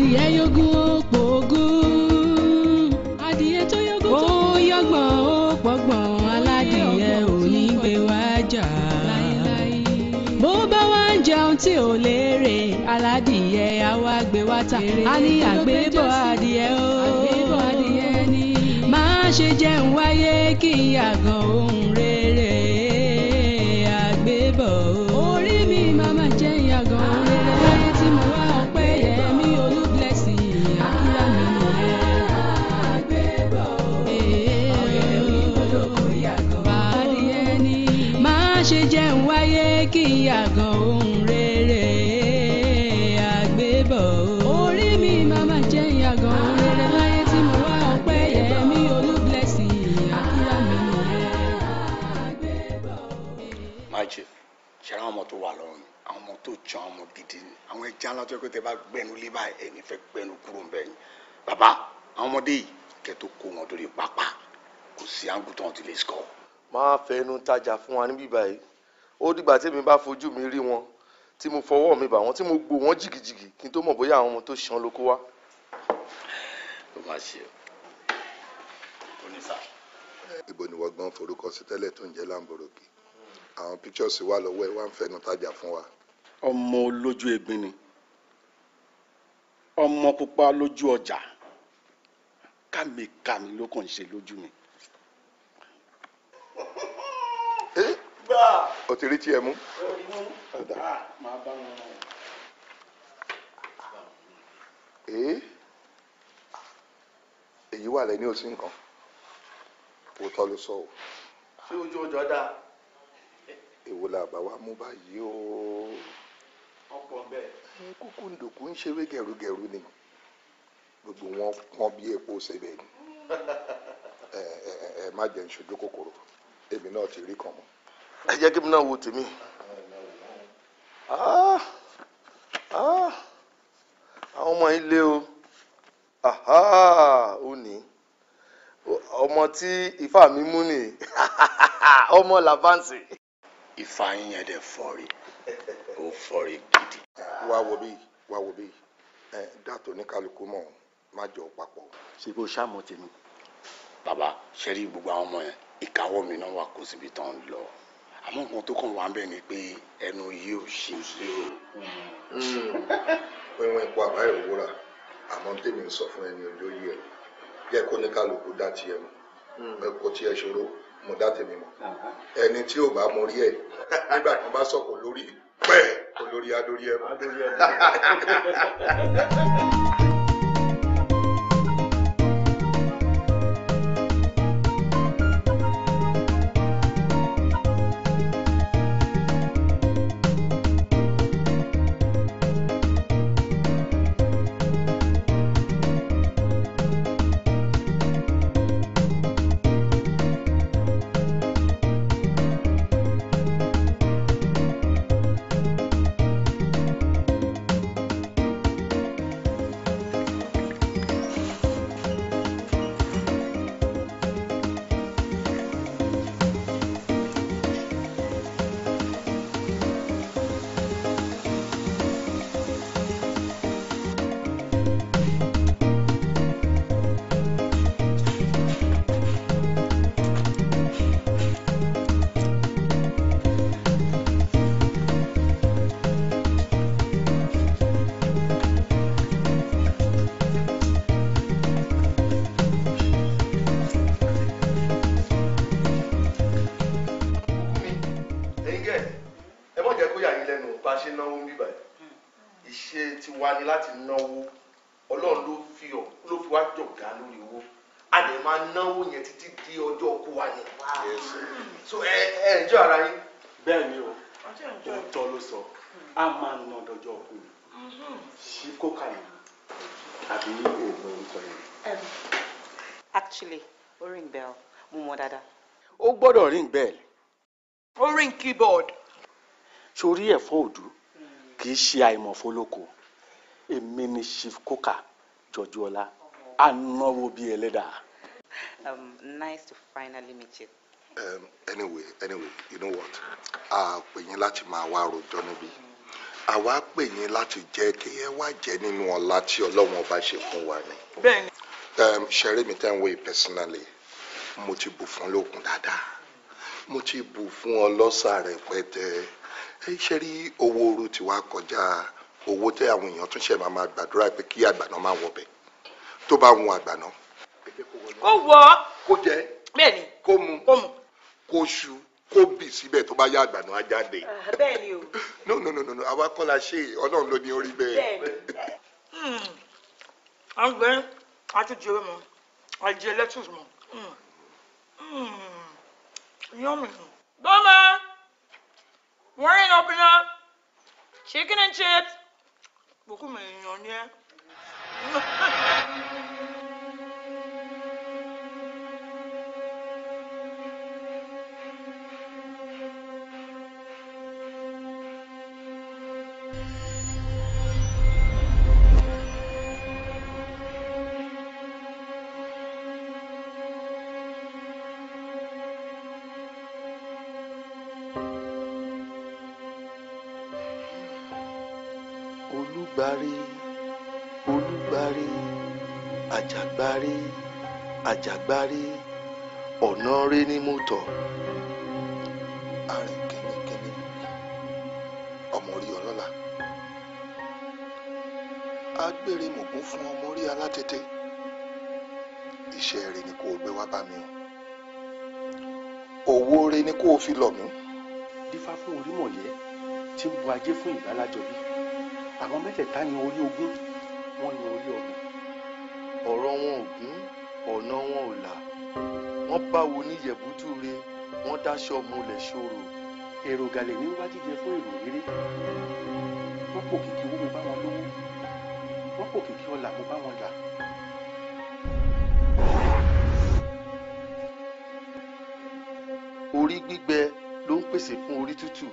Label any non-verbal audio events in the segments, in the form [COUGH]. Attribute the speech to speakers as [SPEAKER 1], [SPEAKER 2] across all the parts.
[SPEAKER 1] adìyẹ yógún ó pòógún adìyẹ tó yógún tó ó yọgbọ̀n ó pọ̀gbọ̀n aládìyẹ ò ní gbé wá jà bó bá wá ń jẹun tí ò léèrè aládìyẹ á wá gbé wá tà á ní àgbébọ̀ adìyẹ ó má ṣe jẹun wáyé kí ìyàgàn òun.
[SPEAKER 2] náà tó yẹ kó tẹ bá gbẹnu lé báyìí ẹni fẹ́ gbẹnu kúrò nbẹ yìí bàbá àwọn ọmọdé yìí kẹtó kó wọn torí pápá kò sí àgùntàn tí lè sọ. máa fẹnu tajà fún wa níbí báyìí ó dìgbà tí mi bá fojú mi rí wọn tí mo fọwọ́ mi bà wọ́n tí mo gbó wọn jìgìjìgì kí n tó mọ̀ bóyá àwọn ọmọ tó ṣan ló kó wá. ó máa ṣe ó ibo ni wọ́n forúkọ sí tẹ́lẹ̀ tó ń jẹ́ láǹbọ̀rọ̀kì àwọn pictures wà lọ́wọ́ ẹ̀ wá ń fẹnu tajà fún wa. ọmọ olójú egbin ni ọmọ pupa lójú ọjà kàmìkàmì ló kàn ṣe lójú mi. o ti rí tiẹ̀ mú. Ah, èyí wà lẹ́ni òsì nǹkan òótọ́ ló sọ o. ṣé ojú ọjọ́ dáa. èwo la bá wa mú báyìí o. ọ̀pọ̀ bẹ́ẹ̀ kúkú ndòkú ń ṣeré gẹ̀rúgẹ̀rú ni gbogbo wọn pọn bí epo ṣẹbẹ ni [LAUGHS] ẹ ẹ ẹ má jẹ ìṣojú kòkòrò èmi náà ti rí kàn mọ. ẹ jẹ́ kí mi náà wo tèmi. Ah, ah, àwọn ọmọ yìí lé o ó ní ọmọ tí ifá mi mú ni [LAUGHS] ọmọ làbáǹsì. ifá yín yẹn dẹ̀ fọ́rí ó fọ́rí kí wá wo bí wá wo bí ẹ dàtò ní kálukú mọ̀ má jọ papọ̀. ṣé bó ṣáà mọ tèmi. bàbá ṣẹ́rí gbogbo àwọn ọmọ yẹn ìkáwọ́ mi náà wà kó síbi tán lọ àmọ́ nǹkan tó kàn wá ń bẹ̀ ni pé ẹnu yìí ò ṣe o. pínpín ipò àbá ìwúra àmọ́ tèmi ń sọ fún ẹni olóyè ẹ̀ jẹ́ kó ní kálukú dá tiẹ̀ mọ̀ ẹ kó tiẹ̀ ṣòro mo dá tèmi mọ̀ ẹni tí ò bá mọ rí ẹ̀ [LAUGHS] nígbà tí wọ́n bá sọ̀kò lórí pẹ́ olórí adórí ẹ̀ mọ́. [LAUGHS] ṣe náwó ń bíbà ìṣe tiwa ni láti náwó ọlọ́run ló fi ọ ló fi wá jọ̀gá lórí owó a dẹ̀ máa náwó yẹn títí di ọjọ́ ọkọ wa ni. so ẹ ẹ ǹjọ́ ara yín. bẹ́ẹ̀ ni o òótọ́ ló sọ a máa ná dọjọ́ ọkọ mi ṣí
[SPEAKER 3] kókà ni tàbí oògùn orúkọ yẹn. actually o ring bell mo mọ dáadáa.
[SPEAKER 2] ó gbọ́dọ̀ ring bell.
[SPEAKER 3] ó ring keyboard
[SPEAKER 2] sórí ẹ̀fọ́ òdú kì í ṣe àìmọ̀fọ́ lóko èmi ni chief coker jọjú ọlá anáwó bíi ẹlẹ́dà.
[SPEAKER 3] Um, nice to finally meet you.
[SPEAKER 2] Um, anyway anyway you know what a pè yín láti máa wá rojọ́ níbí àwa pè yín láti jẹ́ kí ẹ wá jẹ́ nínú ọlá tí ọlọ́run ọba ṣe fún wa ni. Um, ṣeré mi tẹ́ ń wé personally mo ti bù fún lókun dáadáa mo ti bù fún ọlọ́sà rẹpẹtẹ ṣe rí owó oru ti wá kọjá owó tẹ àwọn èèyàn tún ṣe máa máa gbàdúrà pé kí àgbàná máa wọ bẹ tó bá wọn àgbàná. kó wọ kó jẹ bẹ́ẹ̀ni kó mu kó mu kó ṣu kó bì síbẹ̀ tó bá yá àgbàná á jáde. bẹ́ẹ̀ni o. [LAUGHS] no no no no àwa kọ́ la ṣe ọlọ́run ló ní orí bẹ́ẹ̀.
[SPEAKER 4] bẹ́ẹ̀ni ọgbẹ́ hmm. àtúnjẹ mọ́ àjẹ lẹ́tùs mọ́ hmm. hmm. yọ́mù. gbọ́mọ.
[SPEAKER 5] Warren opener, chicken and chips.
[SPEAKER 6] [LAUGHS]
[SPEAKER 2] olúgbárí àjàgbárí àjàgbárí ọ̀nà rẹ ni mo tọ̀. arìn kìnnìkìnnì ọmọ orí ọlọ́lá agbèrè mògún fún ọmọ orí alátètè iṣẹ́ rẹ ni kò gbé wá bá mi o owó rẹ ni kò fi lọ̀ mí. dífá fún orí mọ̀lẹ́ tí ń bu ajé fún ìgbàlájọ bí àwọn mẹ́tẹ̀ẹ̀ta ni orí ogún wọ́n yan orí ọ̀gùn ọ̀rọ̀ wọn ò gún ọ̀nà wọn ò là wọ́n báwo ní yẹ̀bútúre wọ́n dáṣọ múlẹ̀ ṣòro. èrò gàlẹ̀ ní wá jíjẹ fún èrò rere
[SPEAKER 7] wọ́n pò kìkì owó mo bá wọn lówó
[SPEAKER 2] wọ́n pò kìkì ọlà mo bá wọn là. orí gbígbẹ ló ń pèsè fún orí tútù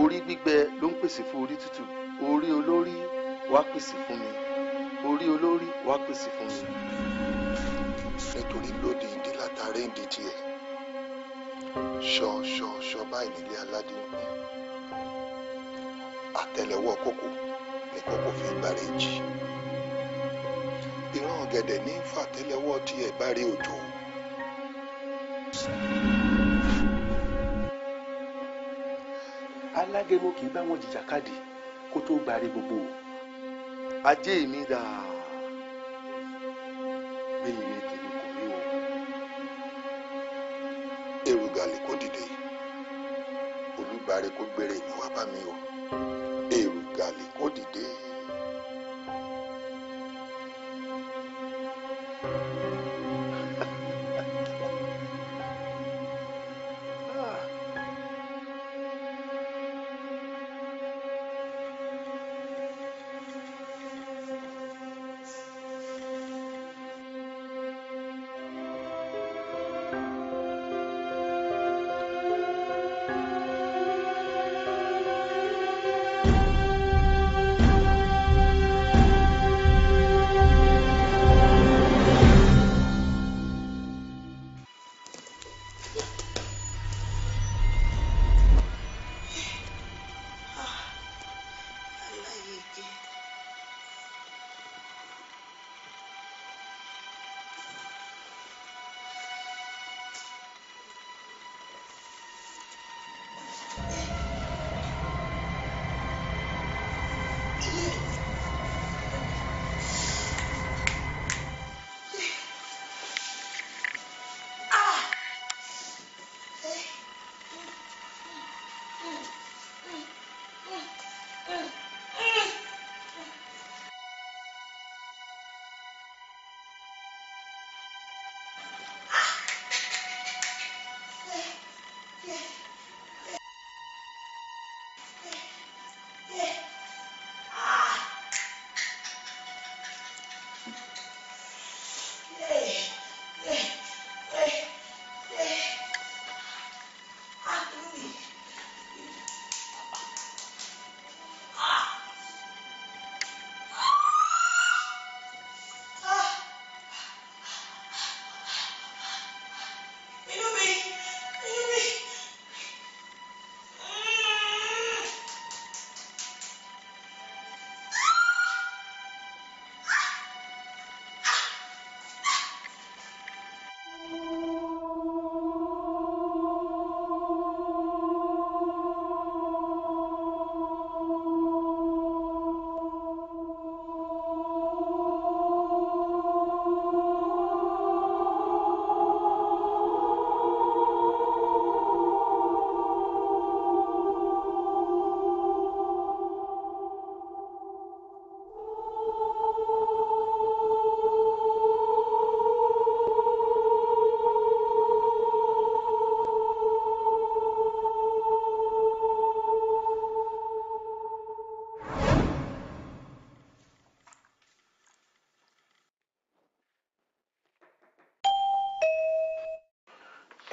[SPEAKER 2] orí gbígbẹ ló ń pèsè fún orí tútù orí olórí wá pèsè fún mi orí olórí wàá pèsè fún mi. nítorí lóde ìdí látàrí ìdí tiẹ̀ ṣọ ṣọ ṣọ báyìí nílé aládé ń kún àtẹ́lẹwọ́ kókó ni kókó fi gbàrẹ jì ìran ọ̀gẹ̀dẹ̀ ní fàtẹ́lẹwọ́ tiẹ̀ bá rí òjò. alágẹmọ kì í bá wọn jìjàkadì kó tó gbàrẹ gbogbo ajé mi dà bẹ́ẹ̀ ni tèmi kò rí o. èrò gàlè kó dìde olùgbàre kó gbére ìwà bá mi o èrò gàlè kó dìde.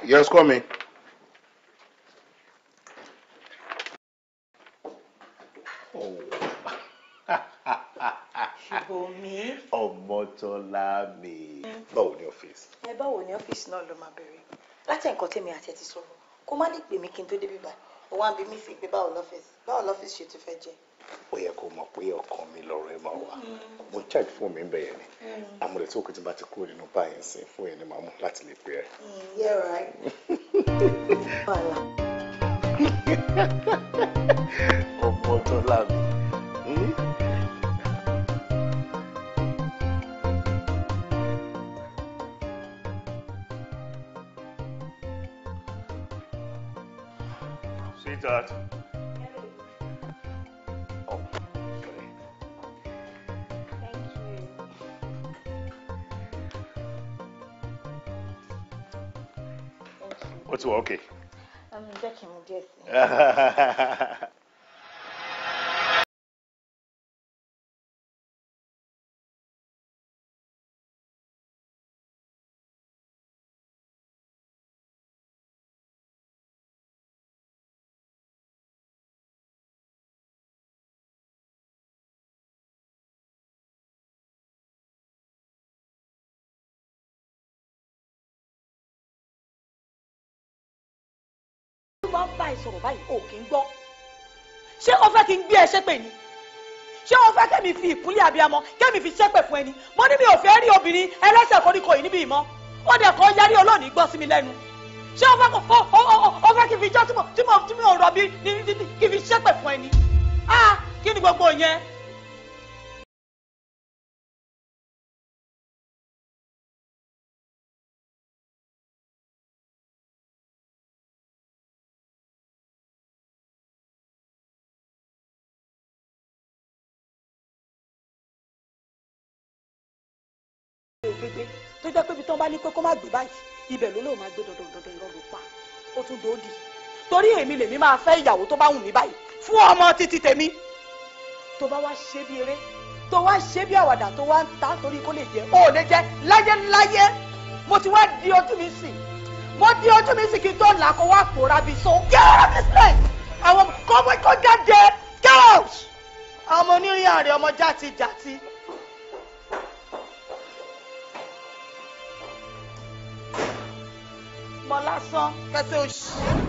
[SPEAKER 2] Yes, call me. Ṣùgbọ́nmi. Ọmọtọ́lámi. Báwo ni ọ́fíìsì?
[SPEAKER 3] Ẹ báwo ni
[SPEAKER 4] ọ́fíìsì náà ló máa bẹ̀rẹ̀? Láti nǹkan tèmi àti ẹ ti sọ̀rọ̀, kó má lè pè mí kí n tó débi báyìí. Òun
[SPEAKER 2] á bí mi sí
[SPEAKER 5] pé báwo lọ́fíìsì, báwo
[SPEAKER 2] lọ́fíìsì ṣe ti fẹ́ jẹ́? O yẹ kó mọ̀ pé ọkàn mi lọ́rọ̀ ẹ máa wà mo charge fóònù mi bẹ̀yẹ̀ ni mm. àmọ́ ètò òkú tí n bá ti kúrò nínú báyìí sí fún ẹni màá mú láti lè pè ẹ. Mm, ọmọ tó láàmì.
[SPEAKER 8] Sweetheart.
[SPEAKER 1] okay.
[SPEAKER 5] jẹ́ kí n mú
[SPEAKER 8] sọ̀rọ̀ báyìí ò kì í gbọ́ ṣé o fẹ́ kí n gbé ẹ ṣépè ni ṣé o fẹ́ kẹ́mi fi ìkúnlẹ̀ abiyamọ
[SPEAKER 4] kẹ́mi fi ṣépè fún ẹni mo ní mi ò fẹ́ rí obìnrin ẹlẹ́sẹ̀ koríko yìí níbí ìmọ̀ ó dẹ̀ kọ́ yarí olóòní gbọ́ sí mi lẹ́nu ṣé o fẹ́ kó o o o fẹ́ kí n fi jọ́ tí mo tí mo rọ̀ bí
[SPEAKER 8] kí n fi ṣépè fún ẹni ah kí ni gbogbo yẹn kó gbé gbé tó jẹ́ pé ibi tí wọ́n bá ní pé kó má gbé báyìí
[SPEAKER 4] ibẹ̀ ló lóun máa gbé dandan dandan irọ́ ló pa ó tún dòódì torí èmi lèmi máa fẹ́ ìyàwó tó bá wù mí báyìí fún ọmọ títí tèmi tó bá wá ṣe bí eré tó wá ṣe bí àwàdà tó wá ń ta torí kó lè jẹ ó lè jẹ láyé láyé mo ti wá di ojú mi sìn mo di ojú mi sìn kí n tó là kó wá pòórá bí so get of this place àwọn kọ́mọ́kọ́ jáde get àwọn onírìn àrè ọmọ jàtijàti.
[SPEAKER 8] ọmọ lásán kẹsẹ́ òṣì.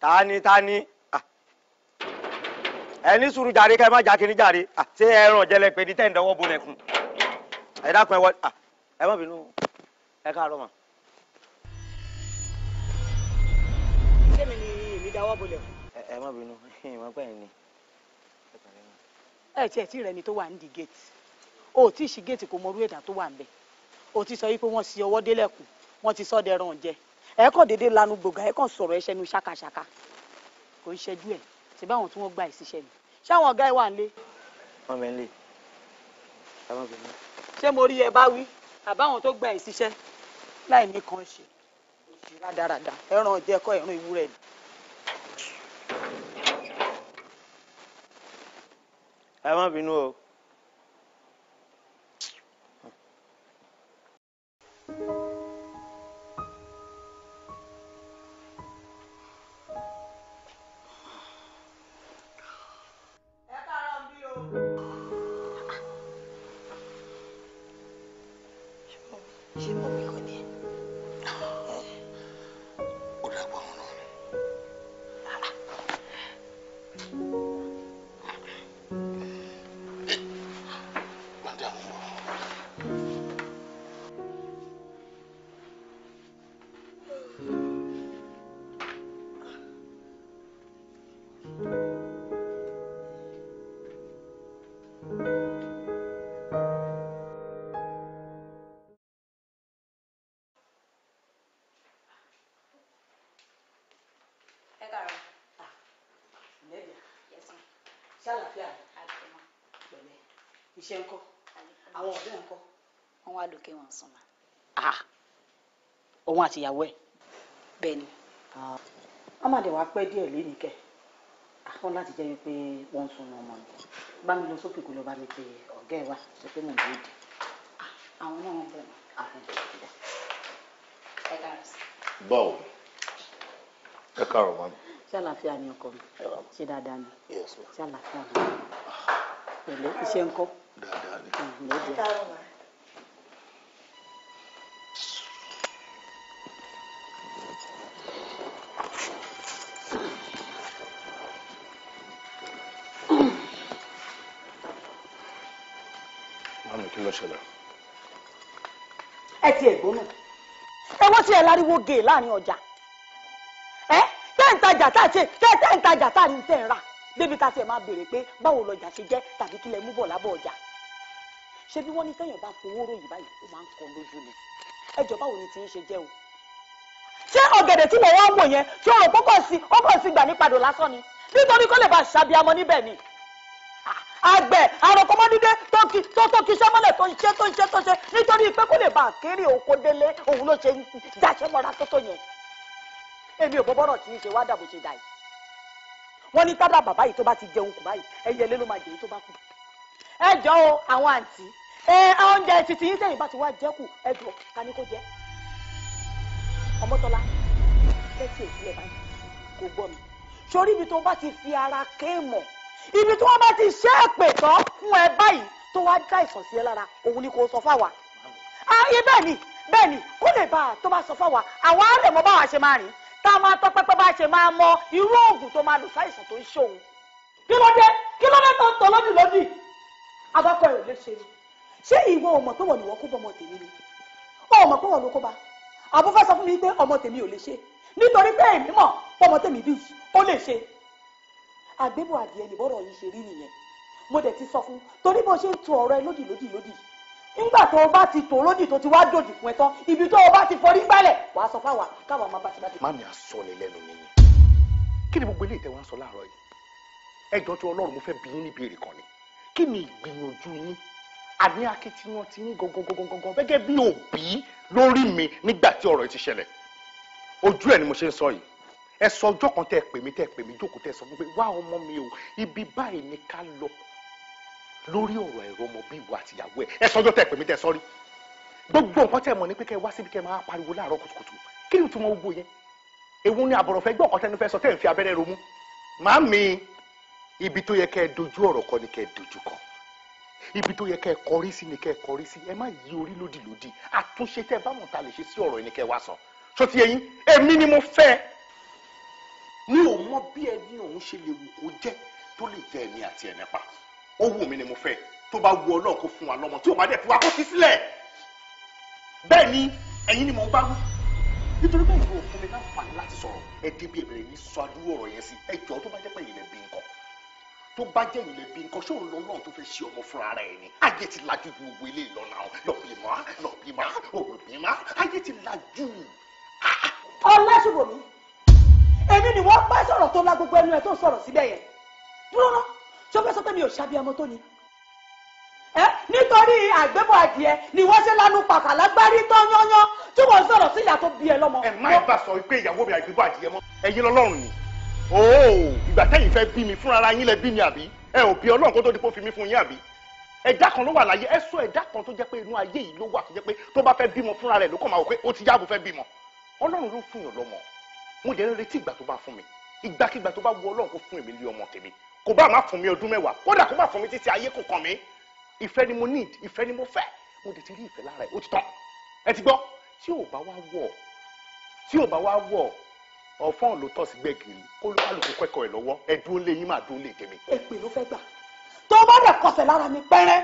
[SPEAKER 6] tani tani ah. ẹ ní sùúrù jàre kẹ má jákiri jàre ah, ṣé ẹran jẹlẹ pé ní tẹ́ ń dọwọ́ bo lẹ́kùn ẹ dákun ẹ wọ ah, ẹ má bínú ẹ káàárọ̀ mà. sẹ́mi ni èmi dáwọ́ bo lẹ́kùn. ẹ má bínú [LAUGHS] ìmọ̀ pẹ́ ni.
[SPEAKER 4] ẹ tiẹ̀ tí rẹ ni tó wà nídìí géètì o tí ì sí géètì kò mọ orú ẹ̀dá tó wà ń bẹ̀ o ti sọ yìí pé wọ́n sì ọwọ́ délẹ̀kùn wọ́n ti sọ́ dẹran jẹ ẹ kàn déédéé lanu gbòǹgà ẹ kàn sọ̀rọ̀ ẹ ṣẹnu ṣàkàṣàkà kò ń ṣẹjú ẹ ṣe báwọn tí wọ́n gba ìṣiṣẹ́ ni ṣé àwọn ọ̀gá ẹ wà nílé.
[SPEAKER 6] wọn bẹ nílé àwọn obìnrin.
[SPEAKER 4] ṣé mo rí ẹ bá wí àbáwọn tó gba ìṣiṣẹ́ láì ní kan ṣe
[SPEAKER 6] òṣì rádaràda ẹran ọjẹ ẹkọ ẹran ìwúrẹ ni. ẹ má bínú o. 心目。
[SPEAKER 4] ṣàlàfíà pẹ̀lẹ́ iṣẹ́ ńkọ́ àwọn ọ̀rẹ́ ńkọ́. wọ́n wá lókè wọn sùn mà. Ah! òun àti ìyàwó ẹ̀. bẹ́ẹ̀ ni. amadi ah! wa pẹ́ díẹ̀ lé nìkẹ́ ah! wọ́n láti jẹ́ wípé wọ́n ń sunú ọmọ mi bá mi lọ sókè kó lọ bá mi pe ọ̀gá ẹ̀ wá sọ pé mò ń dé ìdí. àwọn náà ń bọ̀ mọ́. àwọn ìdílé. ẹ káàárọ̀ sí.
[SPEAKER 2] báwo ẹ káàárọ̀ mọ́ mi
[SPEAKER 4] ṣé àlàáfíà ni ọkọ mi ṣé dáadáa ni ṣé àlàáfíà ni pẹ̀lẹ́ iṣẹ́ ńkọ́. dáadáa ni.
[SPEAKER 2] mami kí ló ṣẹlẹ̀.
[SPEAKER 4] ẹ ti ẹ̀gbọ́n náà ẹ wọ́n ti ẹ̀ láriwo gè láàrin ọjà ọjà tá a ṣe tẹ́ tẹ́ ń tajà tá a ní tẹ́ ń rà débi tá a ti ẹ̀ máa béèrè pé báwo lọjà ṣe jẹ́ tàbí kí lẹ mú bọ̀ lábọ̀ ọjà ṣé bí wọ́n ní tẹ́yàn bá fowó ròyìn báyìí ó máa ń kọ lójú ni ẹjọ́ báwo ni ti ń ṣe jẹ́ o ṣé ọ̀gẹ̀dẹ̀ tí mo wá wò yẹn tí ọ̀rọ̀ kókò sí kókò sí gbà ní padò lásán ni nítorí kó lè bá ṣàbíamọ níbẹ̀ ni àgbẹ̀ àròkọmọdídé tó kí tó kí sẹ́mọ́lẹ̀ tó ń ṣe tó ń ṣe tó ń ṣe nítorí pé kó lè bá kéré òkò délé òun ló ṣe dáṣẹ́ mọ́ra tó tó yẹn èmi ò bọ́bọ́rọ̀ tí ń ṣe wá dàbò ṣe dà yìí wọ́n ní tábà bàbá yìí tó bá ti jẹun kù báyìí ẹyẹ lé ló máa jẹ èyí tó bá kù ẹ jọ o àwọn àǹtí ẹ oúnjẹ títí yín sẹ́yìn bá ti wá jẹ kù ẹ jọ ká ní kó jẹ ọmọtọ́lá tẹ́tí ìpínlẹ̀ báyìí kò gbọ́ mi sórí ibi tó bá ti fi ara kéèmọ̀ ibi tí wọ́n bá ti ṣe é pè tán fún ẹ báyìí tó wá dá ìsàn sí ẹ lára òun ni kò sọ fáwa ayé ah, bẹ́ẹ̀ ni bẹ́ẹ̀ ni kó lè bá a tó bá sọ fáwa àwa á mọ báwa ṣe máa rìn tá a máa tọ́ pẹ́pẹ́ bá a ṣe máa mọ irú oògùn tó máa lò sáìsàn tó ń ṣe òun kí ló dé kí ló dé tó ń tọ́ lódì lódì abakọ ẹ ò lè ṣe ni ṣé ìwọ ò mọ̀ pé ni wọn kó bọ ọmọ tèmi ni ó mọ̀ pé wọn ló kó bá àbú sọ fún mi pé ọmọ tèmi ò lè ṣe nítorí pé èmi mọ̀ pé ọmọ tèmi bí ó lè ṣe àgbébọ̀ adìẹ nìbọ̀rọ̀ yìí ṣe rí nìyẹn mo dẹ̀ ti sọ fún torí bó ṣe ń tu ọ̀rọ̀ ẹ lódì lódì lódì yìí nígbà tó o bá ti tò lódì tó ti wá dòdì fún ẹ tán ibi tó o bá ti forí gbálẹ̀ wàá sọ fáwa
[SPEAKER 2] káwa máa bá ti bá ti. mami asọ ni lẹ́nu mi ni kí ni gbogbo eléyìí tẹ wá ń sọ láàárọ̀ yìí ẹjọ́ tí Ọlọ́run mo fẹ́ bi yín níbi èrè kan ni kí ni ìgbìyànjú yín àní akitiyan ti yín gangan gẹ́gẹ́ bí òbí lórí mi nígbà tí ọ̀rọ̀ yìí ti ṣẹlẹ̀ ojú ẹ ni mo ṣe ń sọ yìí ẹ sọ ọjọ́ kan tẹ pè mí tẹ pè mí jókòó tẹ sọ fún mi pé wá ọmọ mi o ibi báyìí ni ká lọ lórí ọ̀rọ̀ ẹ̀rọ ọmọ bí ìwọ àtìyàwó ẹ̀ ẹ sọjọ́ tẹ̀ pé mi tẹ̀ sọ́rí gbogbo nǹkan tẹ̀ mọ̀ ní pé kẹ́ wá síbi kẹ́ máa pariwo láàárọ̀ kùtùkùtù kí ni ìtumọ̀ gbogbo yẹn ewu ni àbọ̀rọ̀fẹ́ gbọ́ ọ̀kan tẹnu fẹ́ sọ tẹ̀ ń fi abẹ́rẹ́ romú màá mi ibi tó yẹ kẹ́ ẹ dojú ọ̀rọ̀ kọ ni kẹ́ ẹ dojú kọ ibi tó yẹ kẹ́ ẹ kọrí sí ni kẹ́ ẹ kọrí sí ẹ má yí orí lódì lódì àtúnṣe tẹ́ bá mọ̀ta lè ṣe sí ọ̀rọ̀ yẹn ni kẹ́ ẹ wá sọ sọ ti yẹn èmi ni mo fẹ́ mi ò mọ bí ẹni òun ṣe lè wù kó jẹ́ tó lè jẹ ẹ̀mí àti ẹ̀mẹ́pa ó wù mí ni mo fẹ́ tó bá wu ọlọ́run kó fún wa lọ́mọ tí ò bá dẹ̀ fi wa kó fi sílẹ̀ bẹ́ẹ̀ ni ẹ̀yin ni mò ń bá wí nítorí bẹ́ẹ̀ yóò fún mi láǹfààní láti sọ̀rọ̀ ẹ dé bí ìbẹ̀rẹ̀ yìí sọ adúrú ọ̀rọ̀ yẹn sí ẹ jọ tó bá jẹ́ pé ìyìnlẹ̀ bí nǹkan tó bá jẹ́ ìyìnlẹ̀ bí nǹkan ṣé òun lọ lọ́run tó fẹ́ ṣe ọmọ fún ara ẹ̀ ni ayé ti lajú ju gbogbo ilé ìlọ́nà lọ́bìmá lọ́bìmá òbìmá ayé ti lajú.
[SPEAKER 4] ọlásùbọ̀mí èmi ni wọ́n pẹ́ sọ̀rọ̀ tó lá gbogbo ẹnu ẹ̀ tó sọ̀rọ̀ síbẹ̀ yẹn dúró náà ṣó fẹ́ sọ pé mi ò ṣàbíamọ tó ni. ẹ nítorí àgbébọ̀ adìẹ
[SPEAKER 2] ni wọ́n ṣe lanu pàkà lágbárí tán yányán tí wọ́n sọ̀rọ̀ sí ìyá tó bí ẹ lọ́mọ. ẹ má ẹ bá sọ pé ìyàwó mi àgbébọ̀ adìẹ mọ́ ẹ̀yin lọ́lọ́run ni ooo ìgbà tẹ́yìn fẹ́ bí mi fúnra yín lẹ bí mi àbí ẹ ò bí Ọlọ́run kó tó di pé ó fi mí fún yín àbí ẹ̀dá kan ló wà láyé ẹ sọ ẹ̀dá kan tó jẹ́ pé inú ayé yìí ló wà tó jẹ́ pé tó bá fẹ́ bímọ fúnra rẹ̀ ló kàn máa wò pé ó ti yáàbò fẹ́ bímọ Ọlọ́run ló fún yàn lọ́mọ mo dẹ̀ ń retí ìgbà tó bá fún mi ìgbàkigbà tó bá wù Ọlọ́run kó fún èmi lé ọmọ tèmi kò bá má fún mi ọdún mẹ́wàá kódà kó má fún mi títí ayé kò kàn mí ìfẹ́ ni mo need ìfẹ́ ni mo fẹ́ mo dẹ̀ rí ìfẹ́ lára ẹ̀ ó ti tán ẹ ti gbọ́ tí ò bá wá wọ̀ tí ò bá wá wọ̀ ọ̀fọ́n ló tọ́ sí gbẹ̀gìrì kó ló kẹ́kọ̀ọ́ ẹ̀ lọ́wọ́ ẹ dúró lé yín máa dúró lé tèmi. èpè ló fẹ́ gbà tó bá dẹ̀ kọsẹ̀ lára mi pẹ́rẹ́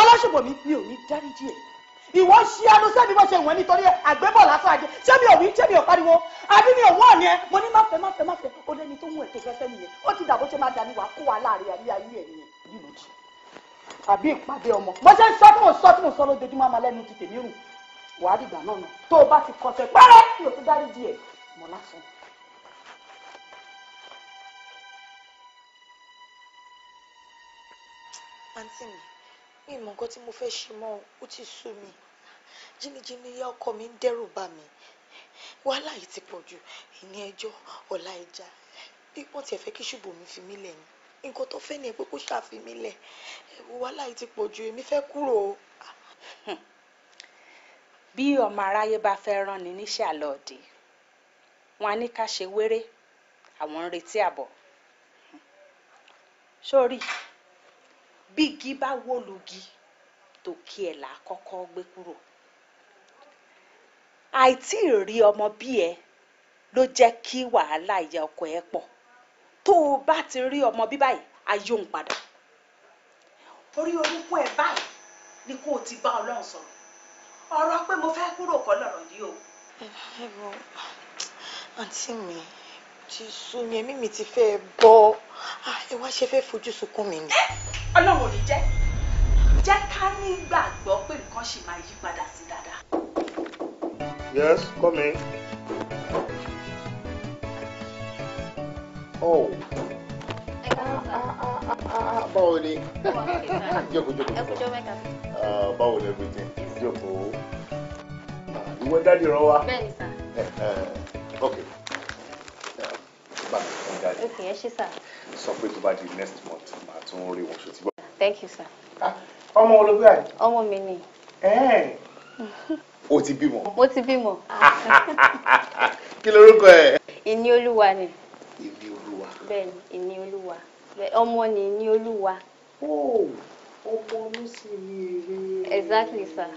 [SPEAKER 2] ọlọ́ṣùbọ̀ mi mi ò ní
[SPEAKER 4] dáríjì ẹ̀ ìwọ ṣí ẹnu sẹ́mi bó ṣe wọ̀n nítorí àgbébọ̀ lásán àjẹ sẹ́mi ò wí sẹ́mi ò pariwo àbí mi ò wọ̀ ọ́ ni ẹ mo ní má fẹ́ má fẹ́ má fẹ́ ó lẹ́ni tó ń wọ̀ ètò fẹ́fẹ́ nìyẹn ó ti dà bó ṣe máa dà ní wàá kó wa láàrin àbí ayé ẹ̀ nìyẹn bí mo jì àbí ìpàdé ọmọ mo ṣe ń sọ tí mo sọ tí mo sọ lójoojúmọ́ àmọ́ lẹ́nu ti tèmi rùn wàá dìgbà náà nà tó o bá ti kọsẹ̀ pẹ́rẹ́ mi ò ti dárí di ẹ̀ mọ̀ lásán.
[SPEAKER 5] àǹtí mi mọ nǹkan tí mo fẹ́ ṣe mọ́ ó ti sú mi jínijínní ìyá ọkọ mi ń dẹ́rù bà mí wàhálà yìí ti pọ̀ jù ìní ẹjọ́ ọ̀la ẹja bí wọ́n tiẹ̀ fẹ́ kí ṣùgbọ́ mi fi mí lẹ̀ ni nǹkan tó fẹ́ ni ẹ pé kó ṣàfi mí lẹ̀ wàhálà yìí ti pọ̀ jù èmi fẹ́ kúrò o. [LAUGHS]
[SPEAKER 4] bí ọmọ aráyé bá fẹ́ rán ni níṣẹ́ àlọ́ òde wọn á ní ká ṣe wéré àwọn ń retí àbọ̀ sórí. So, bí igi bá wó lugi tòkí ẹ̀ là á kọ́kọ́ gbé kúrò àìtí rí ọmọ bí ẹ ló jẹ́ kí wàhálà ìyá ọkọ ẹ pọ̀ tó o bá ti rí ọmọ bí báyìí ayé òun padà orí orúkọ ẹ báyìí ni kó ti bá Ọlọ́run sọ̀rọ̀ ọ̀rọ̀ pé mo fẹ́ kúrò kọ́ lọ́rọ̀ yìí o.
[SPEAKER 5] ẹ wo àǹtí mi ti sú mi ẹ̀mí mi ti fẹ́ bọ́ ah, ẹ wá ṣe fẹ́ fojú sunkún mi ni. Eh, ọlọ́run ò ní jẹ́ jẹ́ ká
[SPEAKER 1] nígbàgbọ́
[SPEAKER 4] pé nǹkan ṣì máa yí padà sí dáadáa.
[SPEAKER 3] yes come in.
[SPEAKER 2] oh. báwo ni [LAUGHS] jókòó jókòó ah, báwo ni everything jókòó ah, ìwé dáàdi rán wa. bẹ́ẹ̀ni sá. Eh, eh, ok jáde.
[SPEAKER 3] ok ẹ ṣé sà.
[SPEAKER 2] sọ pé tó bá di next month màá tún rí wọn ṣòtí.
[SPEAKER 3] thank you sir. Ah, ọmọ olóògbé àyè. ọmọ mi ni. [LAUGHS] o ti bímọ. mo ti bímọ.
[SPEAKER 2] [LAUGHS] kí lorúkọ ẹ.
[SPEAKER 3] ìní olúwa ni. ìní olúwa. bẹ́ẹ̀ni ìní olúwa
[SPEAKER 2] ọmọ ni ìní olúwa. ó ọmọ ló sì ní èrè. exactly sir.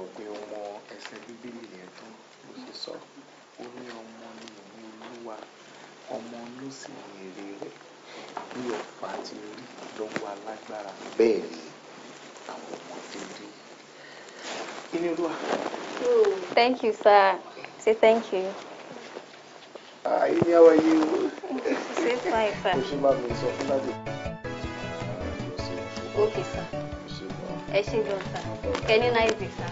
[SPEAKER 2] rò pé ọmọ ẹsẹ̀ bíbélì yẹn tó ló ṣe sọ ó ní ọmọ ní ìní olúwa ọmọ ló sì ní èrè rẹ̀ bí ọ̀pá ti rí lọ́wọ́ alágbára bẹ́ẹ̀ ni àwọn ọmọ ti rí inú olúwa.
[SPEAKER 7] thank you sir say thank you.
[SPEAKER 2] ah ini awa yi o. say
[SPEAKER 7] fine sir. o ṣe máa bẹ̀rẹ̀ sọ fún ládé. okay sir
[SPEAKER 8] ẹ ṣe gan sa kẹ́ni náà ìdè sa.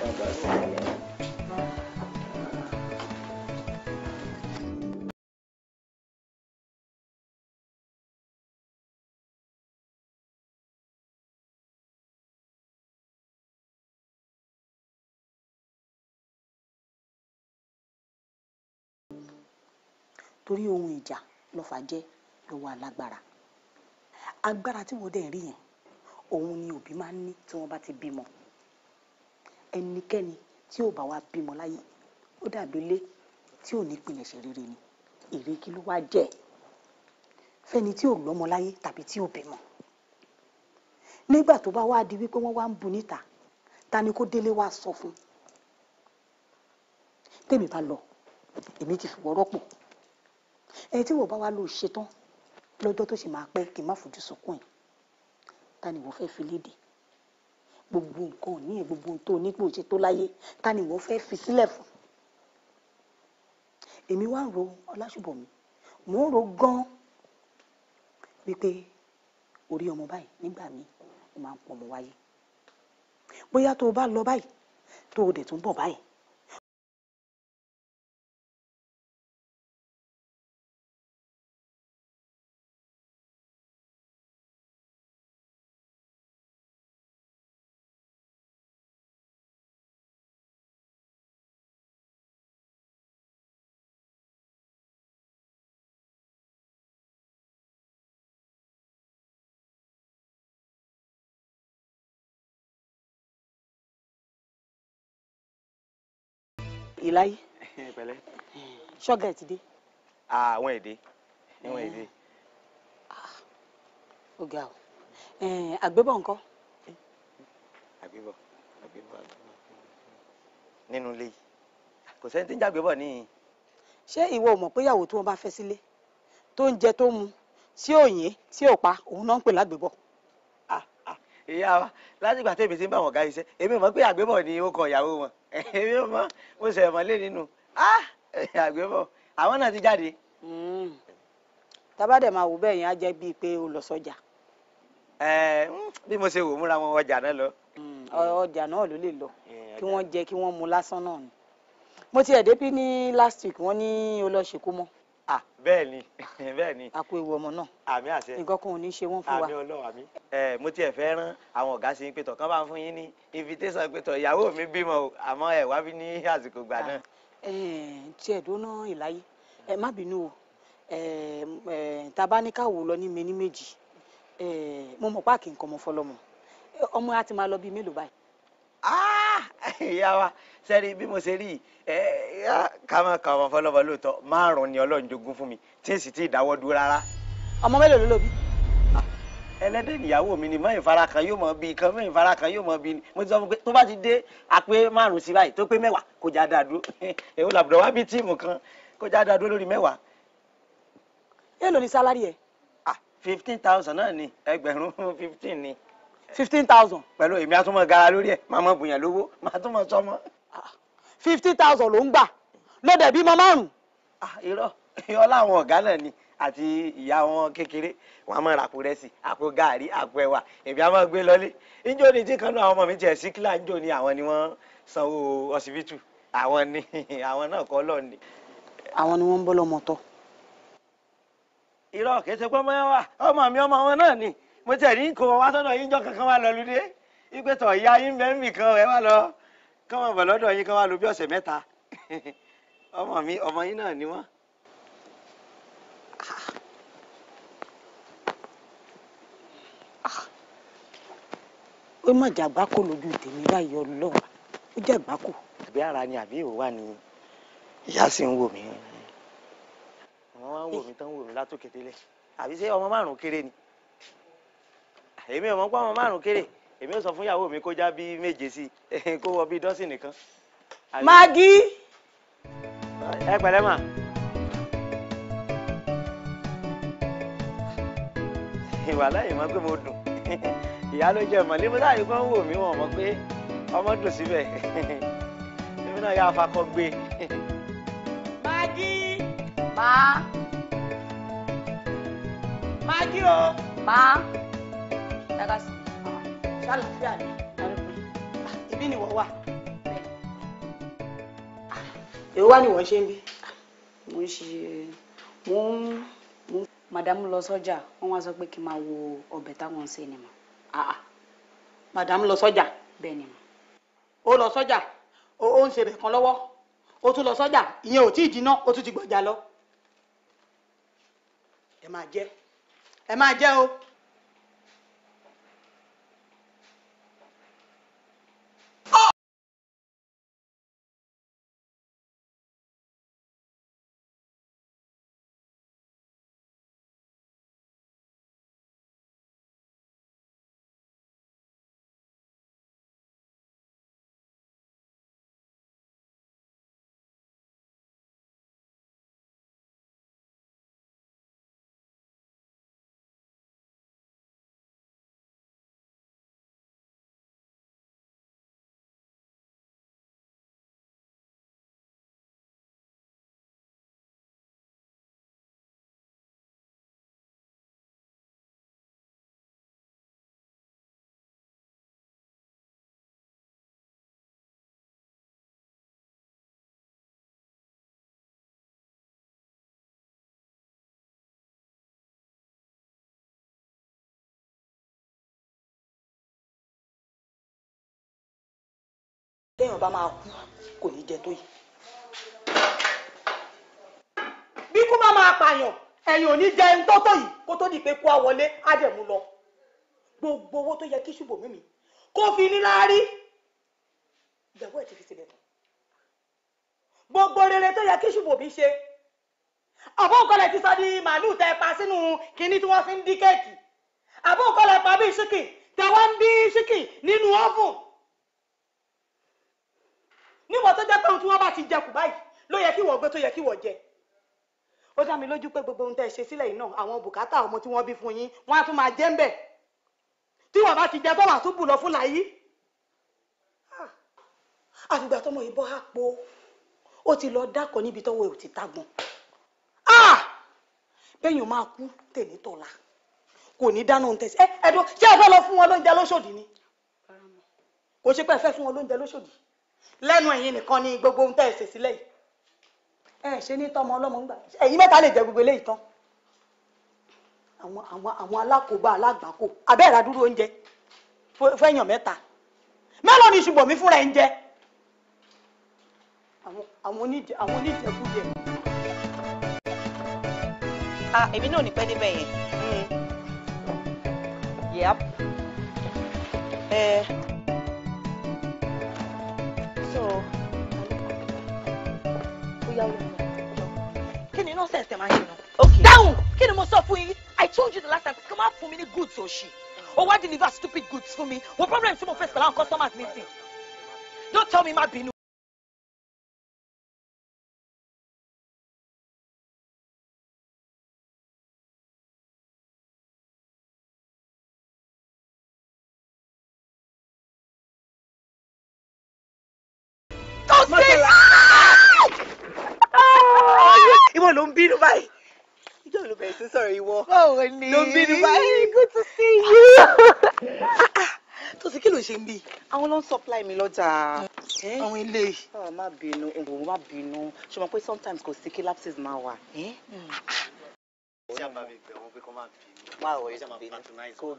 [SPEAKER 8] torí ohun ìjà lọ́fà jẹ́
[SPEAKER 4] lọ́wọ́ alágbára agbára tí wọ́n dẹ̀ rí yẹn òun ni òbí máa ń ní tí wọ́n bá ti bímọ ẹnikẹ́ni tí ò bá wá bímọ láyé ó dàbí ilé tí ò ní ìpilẹ̀ṣẹ̀ rere ni èrè kí ló wá jẹ́ fẹ́ni tí ò lọ́mọ láyé tàbí tí ò bímọ nígbà tó bá wá di wípé wọ́n wá ń bu níta ta ni kó délé wá sọ fún tèmi bá lọ èmi ti fìwọ́ rọ́pò ẹ tí wọ́n bá wá lọ ṣetán lọ́jọ́ tó sì máa pẹ́ kí n má fojú sunkún yìí ta ni wọ́n fẹ́ fi léde gbogbo nǹkan ò ní ẹ̀ gbogbo ohun tó ní pé o ṣe tó láyé ta ni wọ́n fẹ́ fi sílẹ̀ fún èmi wá ń ro ọlásùbọ̀mí mò ń ro gan-an wípé orí ọmọ báyìí nígbà míì ó máa ń pọ̀ mọ́ wáyé
[SPEAKER 8] bóyá tó o bá lọ báyìí tó o dẹ̀ tún bọ̀ báyìí ìláyé [LAUGHS] ṣọ́gà ẹ̀ ti dé.
[SPEAKER 6] àwọn èdè níwọ̀n eh. èdè.
[SPEAKER 4] Ah, ó ga o eh, àgbébọ̀ ńkọ́.
[SPEAKER 6] àgbébọ̀ àgbébọ̀ àgbébọ̀ nínú ilé yìí kò sẹ́ni tí ń jàgbébọ̀ níyì.
[SPEAKER 4] ṣé ìwọ ò mọ̀ pé ìyàwó tí wọ́n bá fẹ́ sílé tó ń jẹ tó mu tí ò yín tí ò pa òun náà ń pè lágbébọ̀
[SPEAKER 6] ìyá wa láti ìgbà tèmi ti ń bá wọn ga iṣẹ́ èmi mọ̀ pé àgbébọ̀ ni ó kọ ìyàwó wọn [LAUGHS] èmi mọ̀ mo sẹ̀ mọ́ lé nínú ah! [LAUGHS] àgbébọ̀ àwọn náà ti jáde.
[SPEAKER 4] Hmm. tábàdẹ̀ máa wò bẹ́ẹ̀ yẹn á jẹ́ bíi pé o lọ sọ́jà.
[SPEAKER 6] Hmm, bí mo ṣe wò múra wọn ọjà náà lọ. Hmm, ọjà náà ló lè lọ eh, kí wọ́n
[SPEAKER 4] jẹ kí wọ́n mu lásán náà ni mo ti ẹ̀ débí ní last week wọ́n ní o lọ
[SPEAKER 6] ah bẹ́ẹ̀ ni [LAUGHS] bẹ́ẹ̀ ni. a kó ewu ọmọ náà. àmì àṣẹ ìgọkùn ò ní ṣe wọn fún wa. àmì Ọlọ́run àmì. ẹ mo tiẹ̀ fẹ́ rán àwọn ọ̀gá sí pé tọ̀kan bá ń fún yín ní invitation pé tọ̀ ìyàwó mi bímọ o àmọ́ ẹ wá bí ní àsìkò gbà náà. ẹ
[SPEAKER 4] tí dóná ìláyé ẹ má bínú o ẹ ẹ tàbá ní káwọ lọ ní mení méjì ẹ mo mọ̀ páàkì nǹkan ọmọ fọlọ́mọ ọmọ á ti máa lọ bíi mélòó báyìí.
[SPEAKER 6] [LAUGHS] ìyá wa sẹ́rí bí mo ṣe rí ká máa kà wọ́n fọlọ́fọ́ lóòótọ́ márùn-ún ni ọlọ́run jogún fún mi tí èsì tí ìdáwọ́ dúró rárá. ọmọ mélòó ló lò bí. Ah, ẹlẹ́dẹ̀ níyàwó mi ni mọ́yìn fara kan yóò mọ bí kan mọ́yìn fara kan yóò mọ bí ni mo ti sọ fún pé tó bá ti dé àpé márùn-ún sí báyìí tó pé mẹ́wàá kò já dáa dúró [LAUGHS] èwo làbùdọ̀ wá bí tíìmù kan kò já dáa dúró lórí mẹ́wàá. ẹ. Ah, fifteen thousand. pẹ̀lú èmi àtúmọ̀ gara lórí ẹ̀ màá mọ̀ bùyàn lówó màá tún mọ̀ sọmọ. Ah, fifty thousand ló ń gbà lọ́dẹ̀ bímọ márùn. Ah, irọ́ irọ́ láwọn ọ̀gá náà ni àti ìyá wọn kékeré wọn a máa ràpò rẹsì àpò gààrí àpò ẹwà èmi a máa gbé lọlé níjó ni tí kan náà àwọn ọmọ mi tiẹ̀ sí kílà níjó ni àwọn ni wọ́n sanwó ọsibítù àwọn ni àwọn náà kọ́ lọ́ọ̀ ni.
[SPEAKER 4] àwọn ni wọ́n ń bọ́ lọ́mọ tọ́.
[SPEAKER 6] irọ́ kẹsẹ̀ pọ́nmọ́ wà ọmọ mi ọmọ wọn náà ni mo tẹ̀ ní kò wá sọ́dọ̀ yín jọ kankan wá lọ lóde ipe tọ̀ ìyá yín bẹ́ẹ̀ mì kan ẹ wá lọ kán wọn bọ̀ lọ́dọ̀ yín kán wá lọ bí ọ̀sẹ̀ mẹ́ta ọmọ mi ọmọ yín náà ni wọ́n. ó má jàgbá kó lójú tèmi báyìí ọlọ́run ó jàgbá kó. àbí ara ni àbí ìwò wà ní ìyá sì ń wò mí wọ́n wá ń wò mí tán ń wò mí látòkè délẹ̀ àbí ṣé ọmọ márùn kéré ni èmi ò mọ̀ pé ọmọ márùn kéré èmi ò sọ fún ìyàwó mi kó já bí méje sí i [LAUGHS] kó wọ bí dọ́sìn nìkan. magi. ẹ pẹ̀lẹ́ mà. ìwà láyé mọ̀ pé mo dùn [LAUGHS] ìyá ló jẹ mọ̀lẹ́ mo láyé kan wò mí wọ̀n mọ̀ pé ọmọ dùn síbẹ̀ [LAUGHS] èmi náà yà afakọ gbé.
[SPEAKER 4] magi. ma. magi o. ma ẹ̀ka sí. ṣàlàfíà ni ibi ni wọ́n wà. èwo wá ni wọ́n ṣe ń bí. mo ń ṣe mo ń madam lọ sọ́jà wọ́n wá sọ pé kí n máa wo ọbẹ̀ táwọn ń ṣe ni mà. Ah, ah. madam lọ sọ́jà. bẹ́ẹ̀ ni mà. ó lọ sọ́jà ó ń ṣe kan lọ́wọ́ ó tún lọ sọ́jà ìyẹn ò tí ì jiná ó tún ti gbọ́jà lọ ẹ máa jẹ
[SPEAKER 8] ẹ máa jẹ o. téèyàn bá máa kú kò ní jẹ tó yìí. bí kú bá máa pààyàn ẹ̀yìn ò ní jẹ ń tó yìí kó
[SPEAKER 4] tó di pé kú á wọlé á dẹ̀ mú lọ gbogbo owó tó yẹ kí ṣùgbọ́n mímì kó fi ní láárí ìyàwó ẹ̀ ti fi sílẹ̀ tán gbogbo rere tó yẹ kí ṣùgbọ́n mi ṣe àbọ̀ nǹkan lẹ ti sọ di màálù tẹ pa sínú kinní tí wọ́n fi ń dí kéèkì àbọ̀ nǹkan lẹ pa bí ṣíkì tẹ wọ́n ń dí ṣíkì nínú ọ́fùn níwọ̀n tó jẹ́ pé ohun tí wọ́n bá ti jẹ kù báyìí ló yẹ kí wọ́n gbé tó yẹ kí wọ́n jẹ ó dá mi lójú pé gbogbo ohun tẹ́ ẹ ṣe sílẹ̀ yìí náà àwọn bùkátà ọmọ tí wọ́n bí fún yín wọ́n á tún máa jẹ́ ń bẹ̀ tí wọ́n bá ti jẹ bọ́wà tún bù lọ fún láyé ah! àfìgbà tọmọ yìí bọ́ àpò ó ti lọ dákọ̀ níbi tọ́wọ́ ẹ̀ ò ti tagbọ̀n ah! bẹ́yìn máa kú tèmi tọ̀la kò ní dáná ohun tẹ̀sí ẹ ẹ̀dùn ṣé ẹ fẹ́ lọ fún wọn lóúnjẹ lóṣòdì ni kò ṣe pé ẹ fẹ́ fún wọn lóúnjẹ lóṣòdì lẹ́nu ẹ̀yin nìkan ni gbogbo ohun tẹ́ ẹ̀ ṣe sílẹ̀ yìí ẹ ṣe ní tọmọ ọlọ́mọ ńgbà ẹ̀yin mẹ́ta lè jẹ gbogbo eléyìí tán àwọn àwọn alákòóbá alágbàkó abẹ́ẹ̀rà dúró oúnjẹ fẹ́yàn mẹ́ta mélòó ni ṣùgbọ́n mi fúnra ẹ̀ ń jẹ àwọn
[SPEAKER 6] ah,
[SPEAKER 3] èmi náà ò ní pẹ́ débẹ̀ yẹn. Hmm. Eh, lọ́dọ̀
[SPEAKER 4] bóyá ó lọ kí ni nọ́ọ̀sẹ̀sì tẹ̀ máa ṣe nù. dáhùn kí ni for sọ I told you the last time Come n for me mi ní goods òṣì o wá deliver stupid goods for me? What problem tí mo face pẹ̀lú àwọn
[SPEAKER 8] customers missing. don't tell me my binu.
[SPEAKER 3] ìwọ ló ń bínú báyìí ìjọ ló bẹ̀rẹ̀ sí sọ̀rọ̀ ìwọ báwo ni ló ń bínú báyìí [LAUGHS] good to see you
[SPEAKER 5] [LAUGHS]
[SPEAKER 3] tó sì kí ló ṣe ń bí àwọn ló ń supply mi lọ́jà àwọn ilé yìí ah, má bínú òun má bínú ṣùgbọ́n pé sometimes kò sí kí lapses máa wà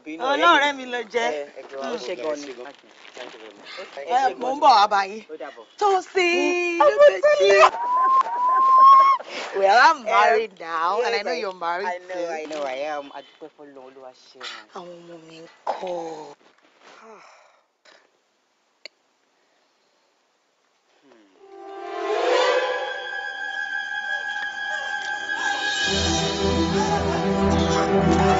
[SPEAKER 6] ọlọ́run mi ló jẹ́ hmm. ṣe gan
[SPEAKER 3] ni mo ń bọ̀ wá báyìí tó sí ló fẹ́ well, I'm [LAUGHS] married um, now, and I know you're married. I know, too. I know, I am. I pray for Lolo Hashem. Àwọn
[SPEAKER 5] I'm ń kọ́.
[SPEAKER 7] Thank you.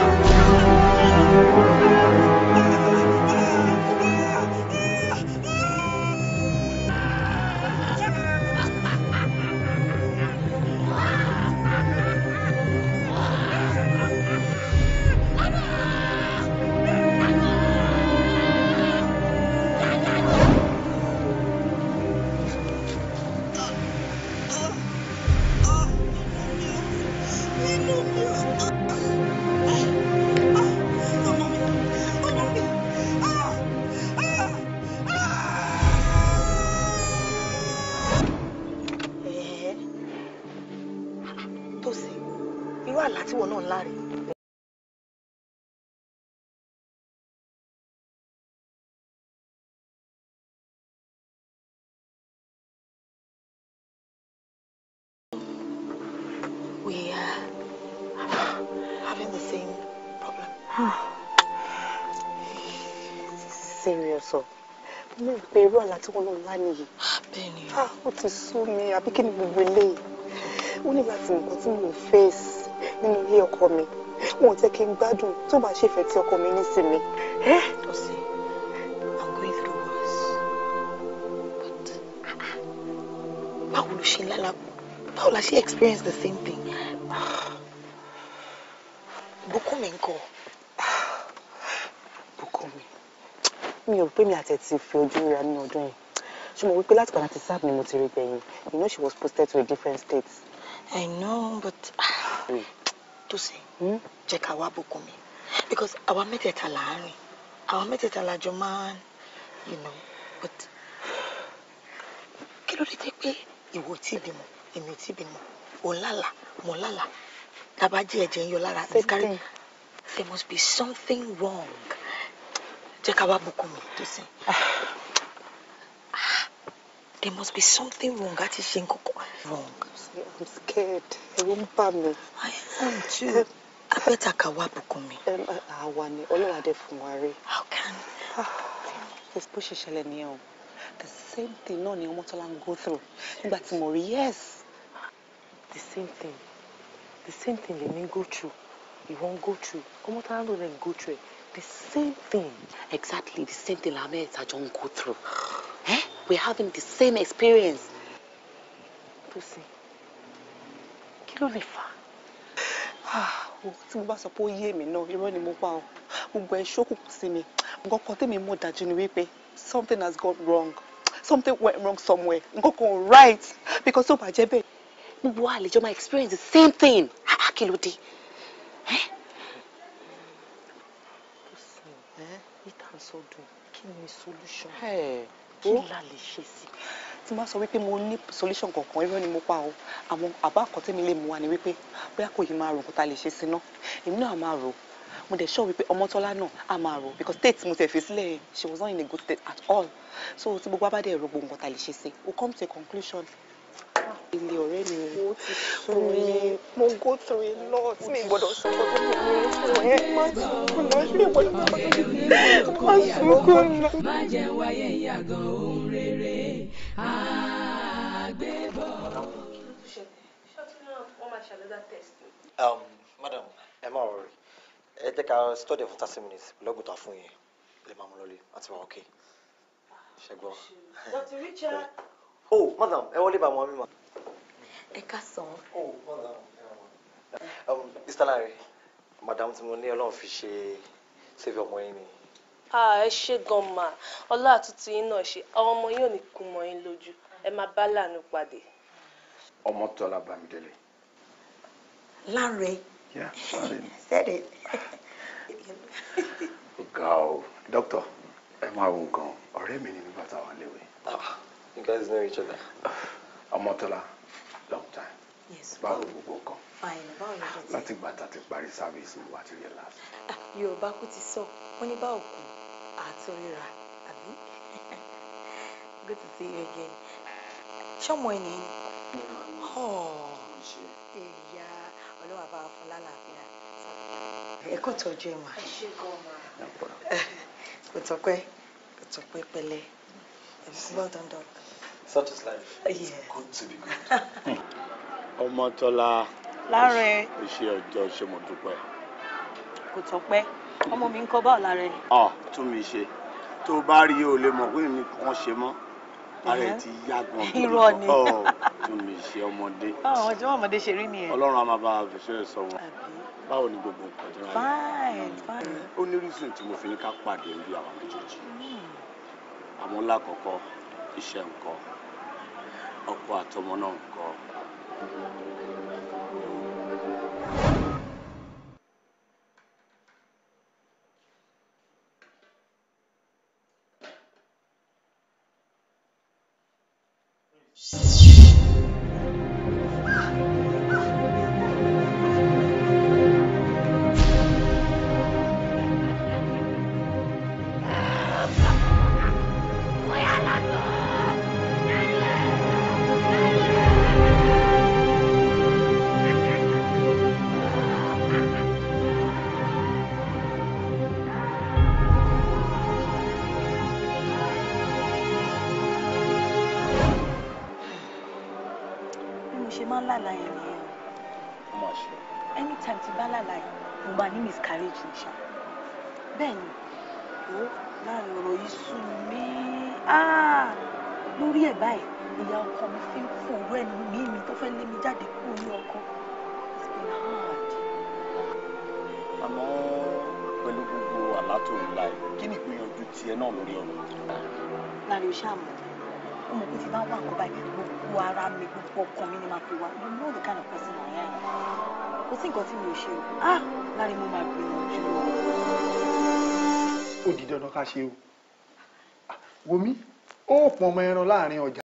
[SPEAKER 3] irú àlá tí wọ́n lọ lá nìyí. bẹ́ẹ̀ni o. Ah, ó ti sú mi àbí kí ni gbogbo eléyìí ó ní láti nǹkan tí mò ń fèsì nínú ilé ọkọ mi wọn ò jẹ́ kí n gbádùn tó bá ṣèfẹ́ tí ọkọ mi ní sí mi. ọ̀sẹ̀ i'm going through worse
[SPEAKER 5] but báwo ló ṣe the same thing Bùkúnmi ńkọ́. Bùkúnmi
[SPEAKER 3] mi ò rò pé mi àti ẹ̀ ti fi ojú ríra ní ọdún yìí ṣé mo wí pé láti padà ti sáàbù ni mo ti rí gbẹ̀yìn you know she was posted to a
[SPEAKER 5] different state. I know but ah, hmm. Tosin hmm? jẹ́ ká wá bùkún mi because àwa mẹ́tẹ̀ẹ̀ta là ń rìn àwa mẹ́tẹ̀ẹ̀ta là máa ń you know but kí ló dé tẹ́ pé ìwọ tí bímọ èmi ò tí bímọ òun lálàá mọ̀ lálàá tábàjẹ́ ẹ̀jẹ̀ ń yọ lára there must be something wrong jẹ́ ká wá bùkún mi tó sìn. Ah.
[SPEAKER 4] Ah, there must be something wrong. Àti ṣe nǹkan
[SPEAKER 3] wrong. I'm scared. Ẹ̀rù ń bà mí. I am too. Abẹ́ta ká wá bùkún mi. Àwa ni Olúwadé fún wa rí. How can? Ah, bó ṣe ṣẹlẹ̀ nìyẹn o. The same thing náà ni Ọmọ́tọ́lá lan go through. Nígbà tí mo rí yes. The same thing. The same thing lèmi ń go through. Ìwọ ń go through. Ọmọ́tọ́lá lan rẹ̀ ń go through the same thing. Exactly the same thing Ahmed Sajon go through. Eh? We're having the same experience. Tosin, kí ló lè fà á? Ah, tí mo bá sọ pé ó yé mi náà, irọ́ ni mo pa o. Gbogbo ẹ̀ ṣókùnkùn sí mi. Nǹkan kan tèmi mọ̀ dájú ni wípé something has gone wrong. Something went wrong somewhere. Nǹkan kan right because ó bàjẹ́ bẹ́ẹ̀. Gbogbo àlejò máa experience the same thing. Ah, kí ló dé? Eh? mi sọ́dún kí ni solution kí oh. la lè ṣe sí tí máa sọ wípé mo ní solution kankan irọ́ ni mo pa o àwọn àbá kan tẹ́mi lè mú wa ni wípé bóyá kò yí máa rò nǹkan tá a lè ṣe sí náà èmi náà máa rò mo dẹ̀ sọ wípé ọmọtọ́lá náà a máa rò because state mo tẹ̀ fi sílẹ̀ she was not in a good state at all so tí gbogbo abá dẹ̀ rò gbogbo nǹkan lè ṣe sí o come to a conclusion ilé ọ̀rẹ́ mi rẹ̀ mi mo go through a lot mi gbọ́dọ̀ sọ̀rọ̀ tó mọ̀ mi fún
[SPEAKER 1] ẹ má sunkún náà mi gbọ́dọ̀ sọ̀rọ̀ tó má sunkún náà. má jẹ́ wáyé ìyàgàn ohun rere àgbébọ̀.
[SPEAKER 6] Um, madam, ẹ má worry ẹ jẹ́ ká study for thirty minutes lọ́gùtà fún yẹn lè máa mú lọ́lé àti wà okay ṣẹ́gbọ́n.
[SPEAKER 5] Dr. Richard.
[SPEAKER 6] oh madam ẹ wọlé bá mọ́ mi ẹ ká sàn. Oh, um, Mr. Lanre madam tí mo ní Ọlọ́run fi ṣe save ọmọ yín ni.
[SPEAKER 1] ẹ ṣe gan ma ọlá àtúntì yín náà ṣe àwọn ọmọ yín ò ní kú mọ́ yín lójú ẹ máa bá láàánú pàdé.
[SPEAKER 2] ọmọ tọ́lá bámidélé. Lanre. yeah [LAUGHS] sorry. said it. ga o doctor ẹ máa wo nǹkan ọ̀rẹ́ mi ni nígbà táwọn léwe. Ah, you guys know each other. ọmọ tọ́lá long time. Yes. Báwo gbogbo kan? Àyìnbá báwo ló ti. Láti gbà tá a ti parí sáfíìsì mi wá ti rí ẹ
[SPEAKER 7] láti.
[SPEAKER 5] Ah, Yorùbá kú ti sọ, wọ́n ní báwo kù àti ríra, àbí? [LAUGHS] Good to see you again. Ṣọ́mọ ẹni ni? Oh, ìyá Ọlọ́wà bá wa fún lálàáfíà. Ẹ̀kọ́ tọ́jú ẹ̀ mà. Ẹ ṣe gan ma. Eh, kò tọ́pẹ́, kò tọ́pẹ́ pẹ̀lẹ́. Ẹ Such is life. Oh, yeah. It's good to be good. [LAUGHS]
[SPEAKER 2] Ọmọtọ́lá. Láre. Iṣẹ́ ọjọ́ ṣe mo dúpẹ́.
[SPEAKER 4] Kò tọ́pẹ́. Ọmọ mi ń kọ́ báwo lára ẹ̀.
[SPEAKER 2] Ọ̀ tún mi ṣe. Tó o bá rí o lè mọ̀ pé mi kàn ṣe mọ́. Ara ẹ̀ ti yá gan. Irọ́ ni. Ọ̀ tún mi ṣe ọmọdé. Báwo ọjọ́ ọmọdé ṣe rí nìyẹn. Ọlọ́run á máa bá a fi ṣe é sọ wọn. Báwo ni gbogbo nǹkan jẹ́ ráyè? Hmm. Ó ní reason tí mo fi ní ká pàdé ń bí àwọn méjèèjì. Hmm. Àmọ́ lákọ̀ọ́kọ́ iṣẹ́ nǹkan. ho qua Tomonoko. Peace.
[SPEAKER 4] o ṣàmù ó mọ̀ pé ti bá wà nǹkan báyìí gbogbo ara mi gbogbo ọkàn mi ni máa fi wá you know the kind of person I am kò sí nǹkan tí mi ò ṣe o ah láre mo máa gbìyànjú o.
[SPEAKER 2] ó di dandan ká ṣe o ah! wòmí
[SPEAKER 8] ó pọn ọmọ ẹran láàrin ọjà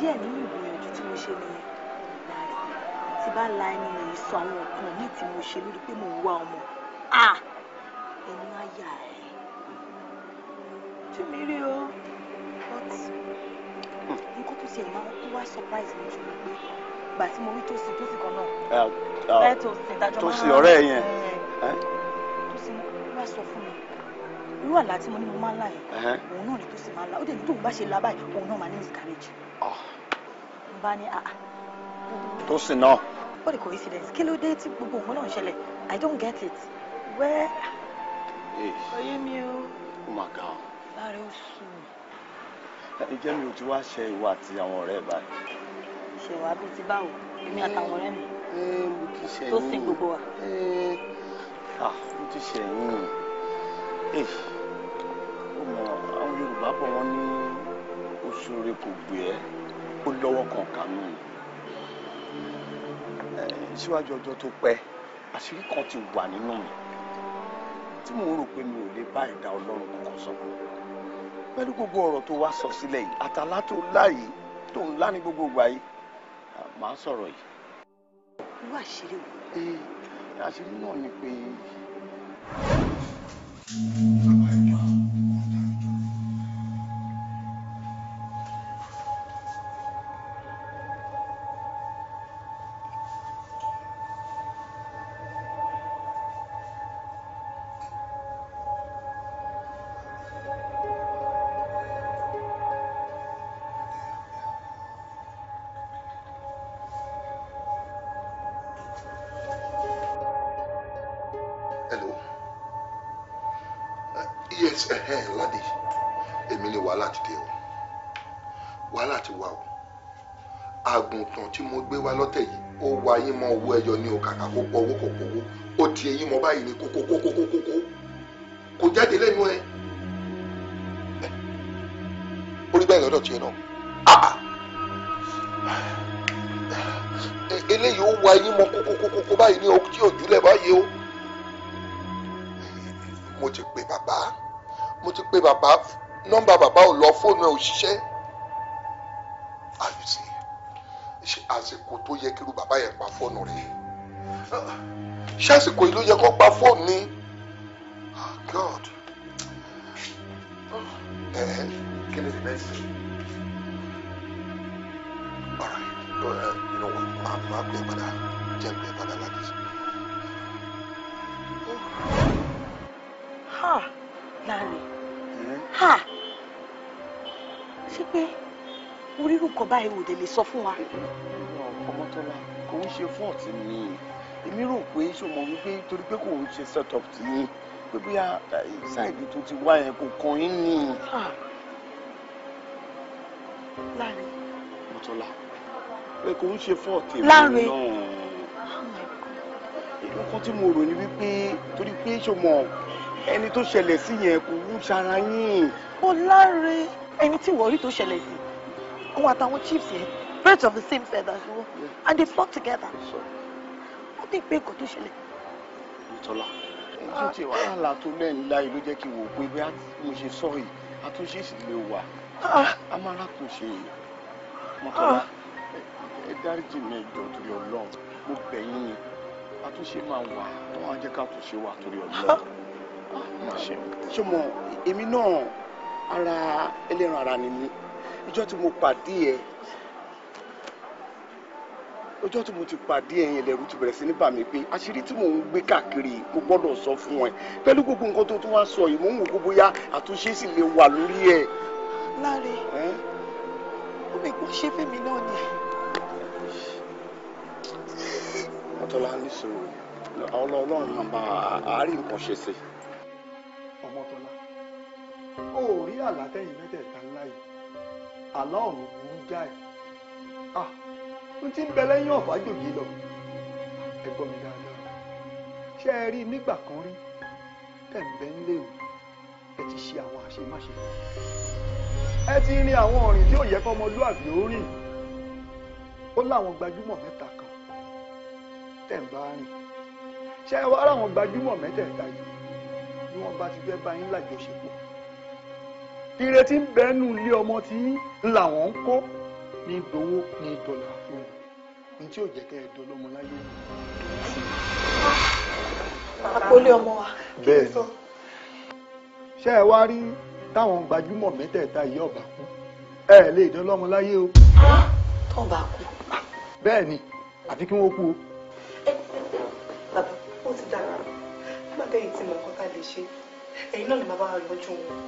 [SPEAKER 8] díẹ̀ nínú ìgbìyànjú tí mo ṣe nìyẹn tí bá la ẹni rẹ̀ sọ àwọn nǹkan
[SPEAKER 4] míì tí mo ṣe lórí pé mò wá ọmọ
[SPEAKER 7] ẹnu àyà ẹ̀
[SPEAKER 4] tú mi rí o but nǹkan tó ti ẹ̀ máa kó wá surprise mi jù pé ìgbà tí mo rí Tósìn Tósìn kan náà
[SPEAKER 6] bẹ́ẹ̀ Tósìn ìdájọ́ máa
[SPEAKER 4] ń rán wá sọ fún mi irú àlá tí mo ní mo máa ń là yẹn òun náà ni tó sì máa ń là ó dẹ̀ ní tóun bá ṣe là báyìí òun náà máa ní miscarriage. n ah. bá ní àá. tó sì náà. what a coincidence kí ló dé tí gbogbo nǹkan náà ń ṣẹlẹ̀ i don't get it where.
[SPEAKER 2] oyè mi o. ó mà ga o.
[SPEAKER 5] lára ó sùn.
[SPEAKER 2] ǹjẹ́ mi ò ti wá ṣe ìwà àti àwọn ọ̀rẹ́ báyìí.
[SPEAKER 5] ṣèwà bíi ti báwo èmi àtàwọn ọ̀rẹ́ mi eh, eh, tó sin gbogbo wa. Eh,
[SPEAKER 2] ah, mo ti ṣẹ̀yìn yorùbá bọ̀ wọ́n ní oṣù rẹ kò gbé ẹ́ ó lọ́wọ́ kan kánú síwájú ọjọ́ tó pẹ́ àṣírí kan ti wà nínú mi tí mò ń rò pé mi ò lè bá ẹ̀dá ọlọ́run kankan sọ pẹ̀lú gbogbo ọ̀rọ̀ tó wá sọ sílẹ̀ yìí àtàlá tó láàyè tó ń ní gbogbo ìgbà màá sọ̀rọ̀ yìí.
[SPEAKER 5] irú àṣírí wo. àṣírí
[SPEAKER 2] náà ni pé. bàbá nọ́mbà bàbá ò lọ fóònù ẹ̀ ò ṣiṣẹ́ àyùsí ṣe àsìkò tó yẹ kí irú bàbá yẹn pa fóònù rẹ̀ ṣé àsìkò yìí ló yẹ kó pa fóònù ni ah, God ẹ eh, ẹ kí ni the next thing all right uh, you know what màá màá bẹ padà jẹ bẹ padà láti sọ.
[SPEAKER 5] Huh, Nani ha ṣé pé orírù kan báyìí
[SPEAKER 2] wò délé sọ fún wa. ọmọtọ́lá kò ń ṣe fún ọ̀tí mi èmi rò pé ṣòmọ wípé torí pé kò ń ṣe set up tì í pé bóyá ṣáìdì eh, tó ti wá yẹn kò kàn yín ni. láàrin. ọmọtọ́lá pé kò ń ṣe fún ọ̀tí mi náà. láàrin oh nǹkan tí mo rò ní wípé torí pé ṣòmọ ẹni tó ṣẹlẹ̀ sí yẹn kò ń
[SPEAKER 5] ṣara yín. mo láre ẹni tí wọ́n tó ṣẹlẹ̀ sí òun àtàwọn chiefs yẹn birds of the same feather ni wọ́n and they flock together. wọ́n ti gbé nǹkan tó ṣẹlẹ̀.
[SPEAKER 2] ìtọ́lá èyí tó ti wàhálà tó lẹ́yìn láyé ló jẹ́ kí n wò pé bí mo ṣe sọ yìí àtúnṣe sì lè wà á ah. máa rákòṣe mọ́tọ́lá ah. ẹ dáríjì mi ẹjọ́ torí ọlọ́run mo bẹ̀ ni àtúnṣe máa wà tó máa jẹ́ ká àtúnṣe wà torí ọlọ́run. [LAUGHS] ṣé mo èmi náà ara ẹlẹ́ran ara ni mí ìjọ́ tí mo pàdé ẹ ọjọ́ tí mo ti pàdé ẹ̀yìn ẹ̀lẹ́rú ti bẹ̀rẹ̀ sí ní bà mí pé àṣírí tí mò ń gbé káàkiri mo gbọ́dọ̀ sọ fún ẹ pẹ̀lú gbogbo nǹkan tó tún wá sọ yìí mò ń wò ó bóyá àtúnṣe sì lè wà lórí ẹ.
[SPEAKER 5] láre ó lè gbọ́ ṣé fèmí náà ni.
[SPEAKER 2] ọ̀tọ̀lá ní sọ̀rọ̀ ọlọ́run máa bá àárín nǹkan ṣe sí i o ò rí àlá tẹ̀yìn mẹ́tẹ̀ẹ̀ta ńlá yìí àlá ọ̀run burú jáì ah n ti ń bẹ lẹ́yìn ọ̀fàjòjì lọ ẹ gbọ́ mi dáadáa ṣé ẹ rí nígbà kan rí tẹ̀ ń bẹ ń léwu ẹ ti ṣe àwọn àṣemáṣe ẹ ti rin àwọn ọ̀rìn tí ò yẹ kọ́ ọmọlúàbí ó rìn ó láwọn gbajúmọ̀ mẹ́ta kan tẹ̀ rìn ṣé ẹ wá láwọn gbajúmọ̀ mẹ́tẹ̀ẹ̀ta yìí bí wọ́n bá ti fẹ́ bá yín lájọṣepọ̀ ìrètí ń bẹ nù ilé ọmọ tí làwọn ń kó ní gbowó ní dọ́là fún un tí ò jẹ́ kẹ́ ẹ dọ́lọ́mọ láyé
[SPEAKER 5] àpólé ọmọ wa
[SPEAKER 2] kí n sọ. ṣé ẹ wá rí táwọn gbajúmọ̀ mẹ́tẹ̀ẹ̀ta yìí ọ̀bà kú ẹ lè dán láyé o. tó bá kú. bẹ́ẹ̀ ni àfi kí wọ́n kú o.
[SPEAKER 3] bàbá ó ti dára nígbà tẹ́yìn tí mo kọ́ ká lè ṣe ẹ̀yin náà lè máa bá wọn yọjú wọn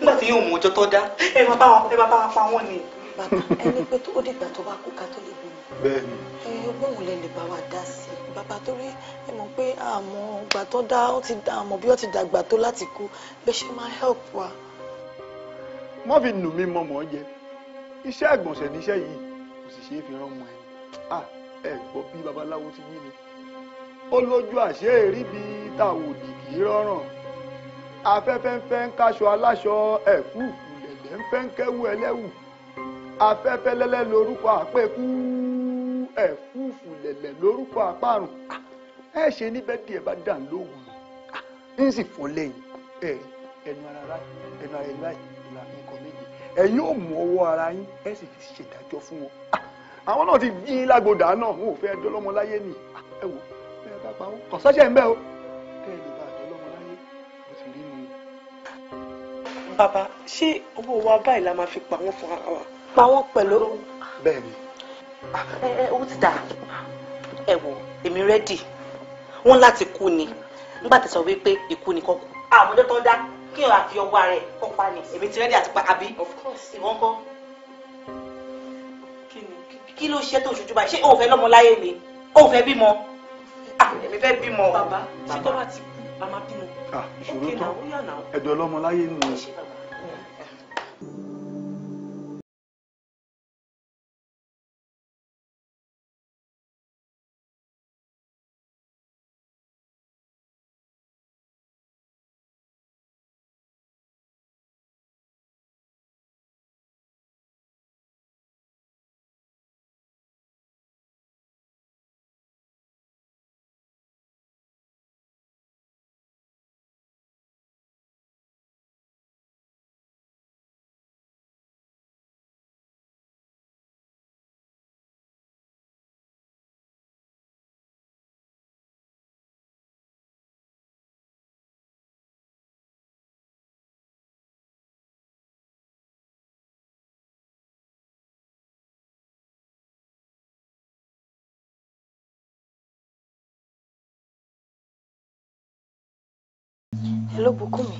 [SPEAKER 3] nígbà tí yóò mú ọjọ́ tó dá ẹ máa bá ẹ máa bá pa wọn ni. bàbá ẹni pé ó dìgbà
[SPEAKER 5] tó bá kú ká tó lè bímọ. bẹ́ẹ̀ni. ẹ ọgbọ́n òun lè lè bá wa dá sí i bàbá torí ẹ mọ̀ pé àmọ́ ìgbà tó dá ó ti àmọ́ bí ó ti dàgbà tó láti kú bẹ́ẹ̀ ṣe máa help wa. má fi nù mí mọ̀mọ́ jẹ iṣẹ́ àgbọ̀nsẹ̀ níṣẹ́ yìí
[SPEAKER 2] kò sì ṣeé fi rán mọ́ ẹ ẹ gbọ́ bí babaláwo ti wí ni ó lójú àṣẹ èrí bíi táwọn òdì rọrùn afẹ́fẹ́ ń fẹ́ ń kaṣọ aláṣọ ẹ̀fú ìlẹ̀lẹ̀ ń fẹ́ ń kẹ́wù ẹlẹ́wù afẹ́fẹ́ lẹ́lẹ́ lórúkọ àpẹ́kú ẹ̀fú ìlẹ̀lẹ̀ lórúkọ àpárùn ẹ ṣe níbẹ̀ díẹ̀ bá dàn lóhùn ń sì fọ́ lẹ́yìn ẹ ẹnu ara rà ẹnu ara ẹnu báyìí ìlànà ẹ̀kọ́ méje ẹ̀yin ò mú ọwọ́ ara yín ẹ sì fi ṣèdájọ́ fún wọn àwọn náà ti dín in lágbòdà wọn ò fẹ́ dọ́lọ́mọ láyé nì ẹ wò ẹ bá wọn kọ̀sọ́ṣẹ́
[SPEAKER 4] bàbá ṣé owó wa báyìí la máa fi pa wọ́n fún ara wa. pa wọ́n pẹ̀lú.
[SPEAKER 3] bẹ́ẹ̀ni. Ah, ẹ ẹ ó ti dà ẹ wò èmi rẹ́dì wọ́n láti kú ni nígbà tí sọ wípé ikú ni kọ́kú. àwọn ọjọ́ tó ń dá kí ọ̀rọ̀ àfi ọwọ́
[SPEAKER 4] rẹ̀ kọ́ pa ni èmi ti rẹ́dì àti pa àbí ìwọ́n kọ́. kí ló ṣe tó ṣojú báyìí ṣé òun fẹ́ lọ́mọ láyé mi òun fẹ́ bímọ. Ah, èmi fẹ́
[SPEAKER 2] bímọ. bàbá ṣé tó bá ti a máa bímọ. Ah, ìṣòro tán ẹ̀dọ̀ ọlọ́mọ láyé
[SPEAKER 8] hello Bukumi.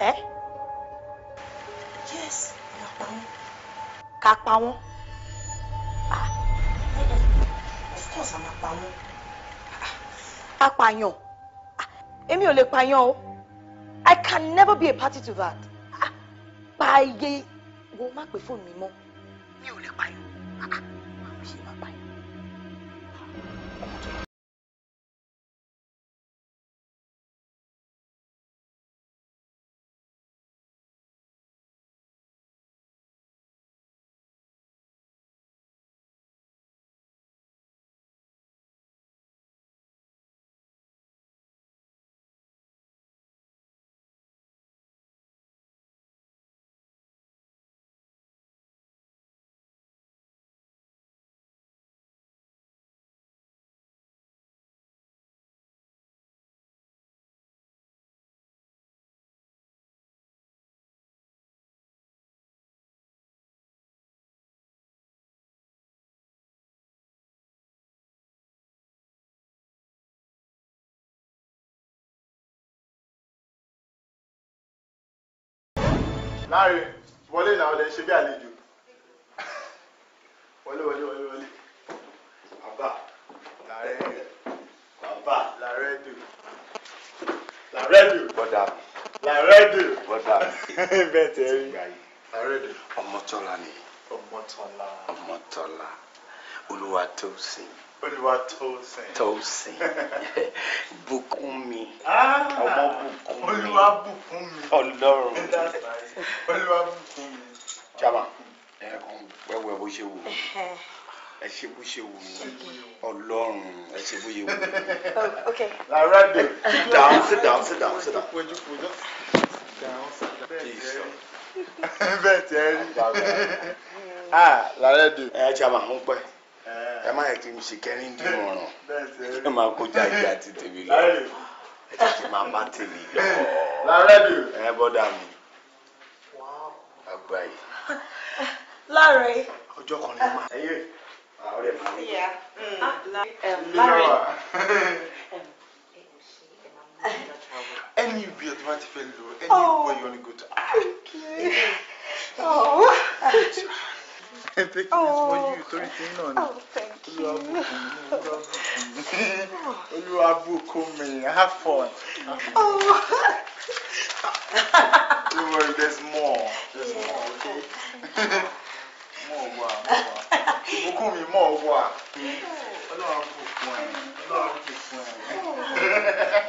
[SPEAKER 4] Eh? yes. ká pa wọ́n. ká pààyàn ah, èmi ò lè pààyàn o I can never be a party to that ah, Paye,
[SPEAKER 8] wo má pè fóònù mi mọ́ mi ò lè pààyàn. láàrin wọlé ìlànà ọ̀lẹ́ ṣe bí àlejò wọlé wọlé wọlé wọlé
[SPEAKER 2] bàbá làárẹ̀ bàbá làárẹ̀ dùn làárẹ̀ dùn bọ́dà làárẹ̀ dùn bọ́dà [LAUGHS] bẹ́ẹ̀ tẹ́ rí làárẹ̀ dùn ọmọ tọ́lá ni ọmọ tọ́lá ọmọ tọ́lá olúwa tó sìn olùwà tóòsìn. tóòsìn [LAUGHS] bùkún ọmọ ah, bùkún mi olùwà bùkún mi ọlọ́run olùwà ẹ kàn wẹwẹ bó ṣe wù ú ẹ ṣe bó ṣe wù ú ọlọ́run ẹ ṣe bó ṣe wù ú. lára dè. sit down sit down sit down sit down. bẹ́ẹ̀ tí ẹ rí lára [LAUGHS] ah, dè. ẹ jama ń pẹ́ ẹ má yẹ kí n ṣe kẹrin dín mọ̀ràn ẹ máa kó jáde àti tèmi lọ ẹ tètè máa bá tèmi lọ ẹ bọ́dà mi
[SPEAKER 6] àgbà yìí. láàrẹ. ọjọ́ kan ni màá. ẹyẹ ọ̀rẹ́ mi.
[SPEAKER 4] Hmm. Ah, láàrẹ.
[SPEAKER 2] [LAUGHS] ẹni ibi ọtí máa ti fẹ́ lò ẹni ìwé oh, yọ ni gòtò. [LAUGHS] I think
[SPEAKER 7] oh.
[SPEAKER 2] it's for you, torí ti náà ni. Oh, thank you. Olúwa bùkún mi, have fun. Oh. Don't worry, there's more. There's yeah. more, okay? More wà,
[SPEAKER 7] more wà.
[SPEAKER 2] Bùkún mi more wà.
[SPEAKER 8] Olúwa bùkún ẹ̀, Olúwa bùkún ẹ̀. Oh.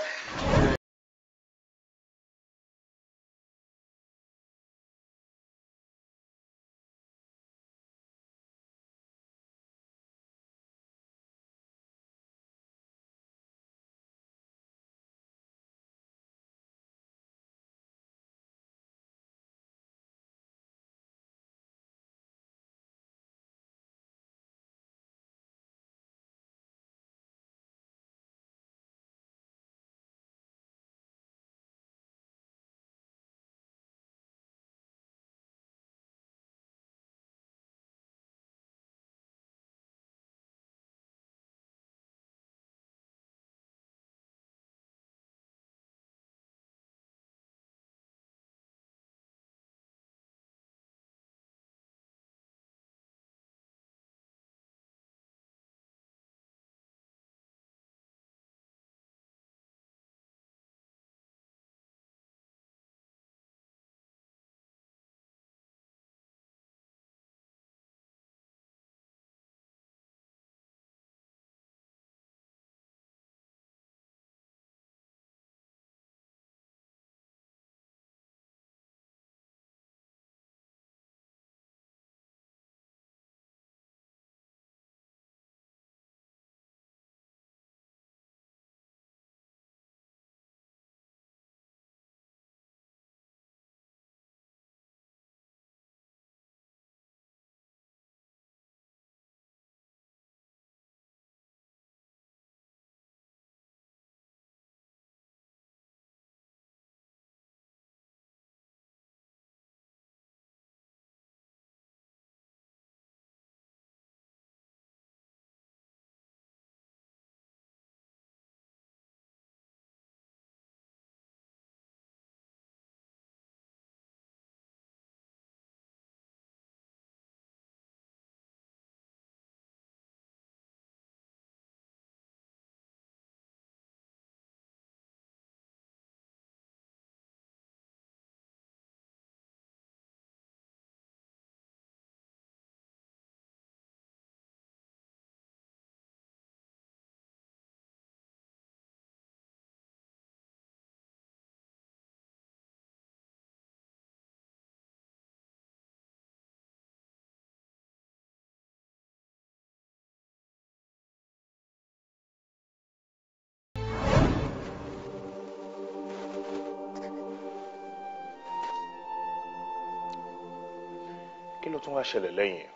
[SPEAKER 2] tún wá ṣẹlẹ̀ lẹ́yìn.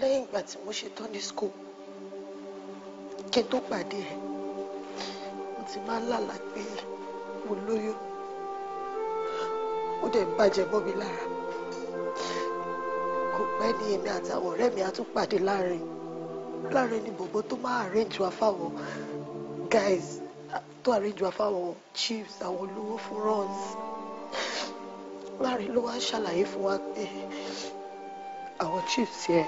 [SPEAKER 5] lẹ́yìn ìgbà tí mo ṣe tán ní school kí n tó pàdé ẹ̀ mo ti máa ń lálà pé mo lóyún ó dẹ̀ ń bàjẹ́ mọ́ mi lára kò pẹ́ ní èmi àtàwọn ọ̀rẹ́ mi á tún pàdé láàrin láàrin ni bòbó tó máa arrange wa fáwọn guys tó arrange wa fáwọn chiefs àwọn olówó fún runs. Láre ló wá ṣàlàyé fún wa pé àwọn chiefs yẹn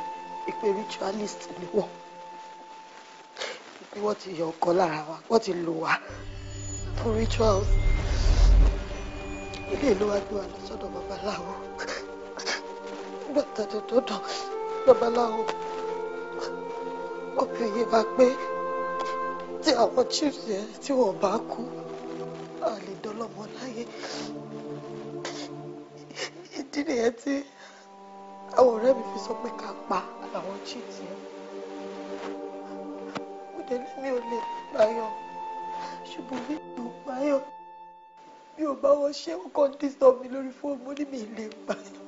[SPEAKER 5] ìpè ritualist ni wọ́n pé wọ́n ti yọ ọkọ lára wa wọ́n ti lò wá fún rituals ilé ìlú wa gbé wa lọ sọ́dọ̀ babaláwo nígbà tàdé tó dàn babaláwo obìnrin bá pé tí àwọn chiefs yẹn tí wọ́n bá kú a lè dọ́lọ́mọ láyé ìdí nìyẹn tí àwọn ọ̀rẹ́ mi fi sọ pé ká pa àwọn chíìtì yẹn mo dé ní mi ò lè báyọ̀ ṣùgbọ́n mi ò báyọ̀ mi ò bá wọn ṣe ó kàn dísọ mi lórí fóònù mo ní mi ì lè báyọ̀.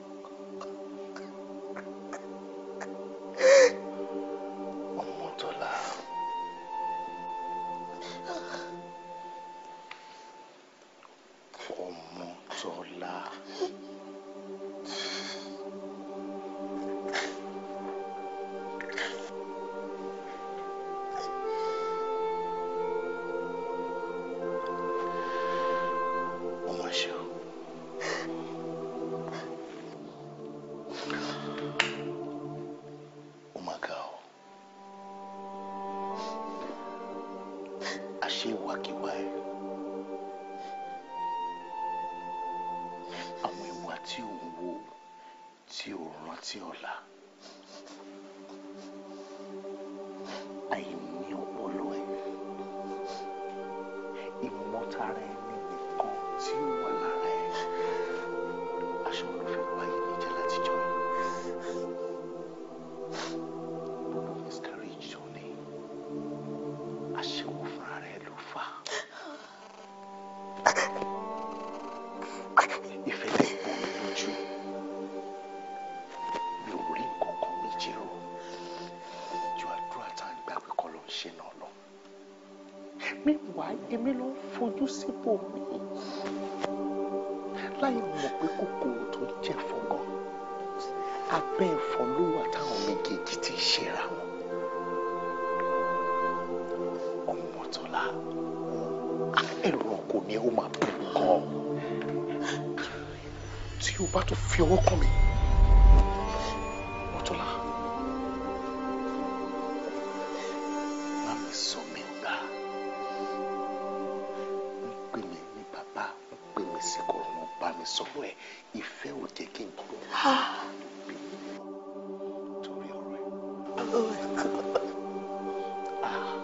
[SPEAKER 5] Ah,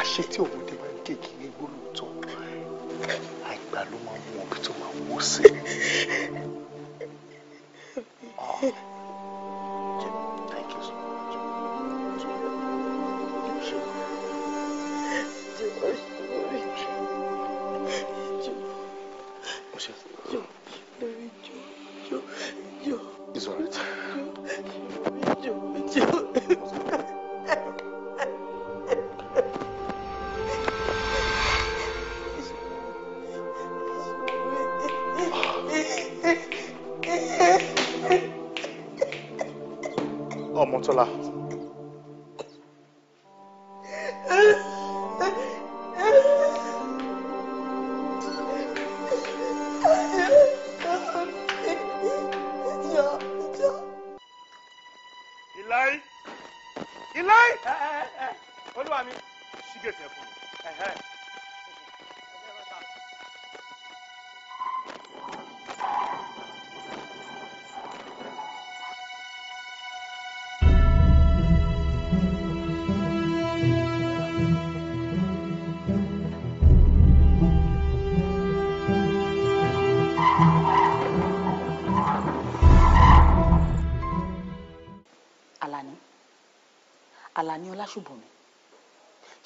[SPEAKER 2] àṣẹ tí òwòde máa to dé kiri gbólóòtọ́ àgbà ló máa ń mọ ibi tó máa wó sí i.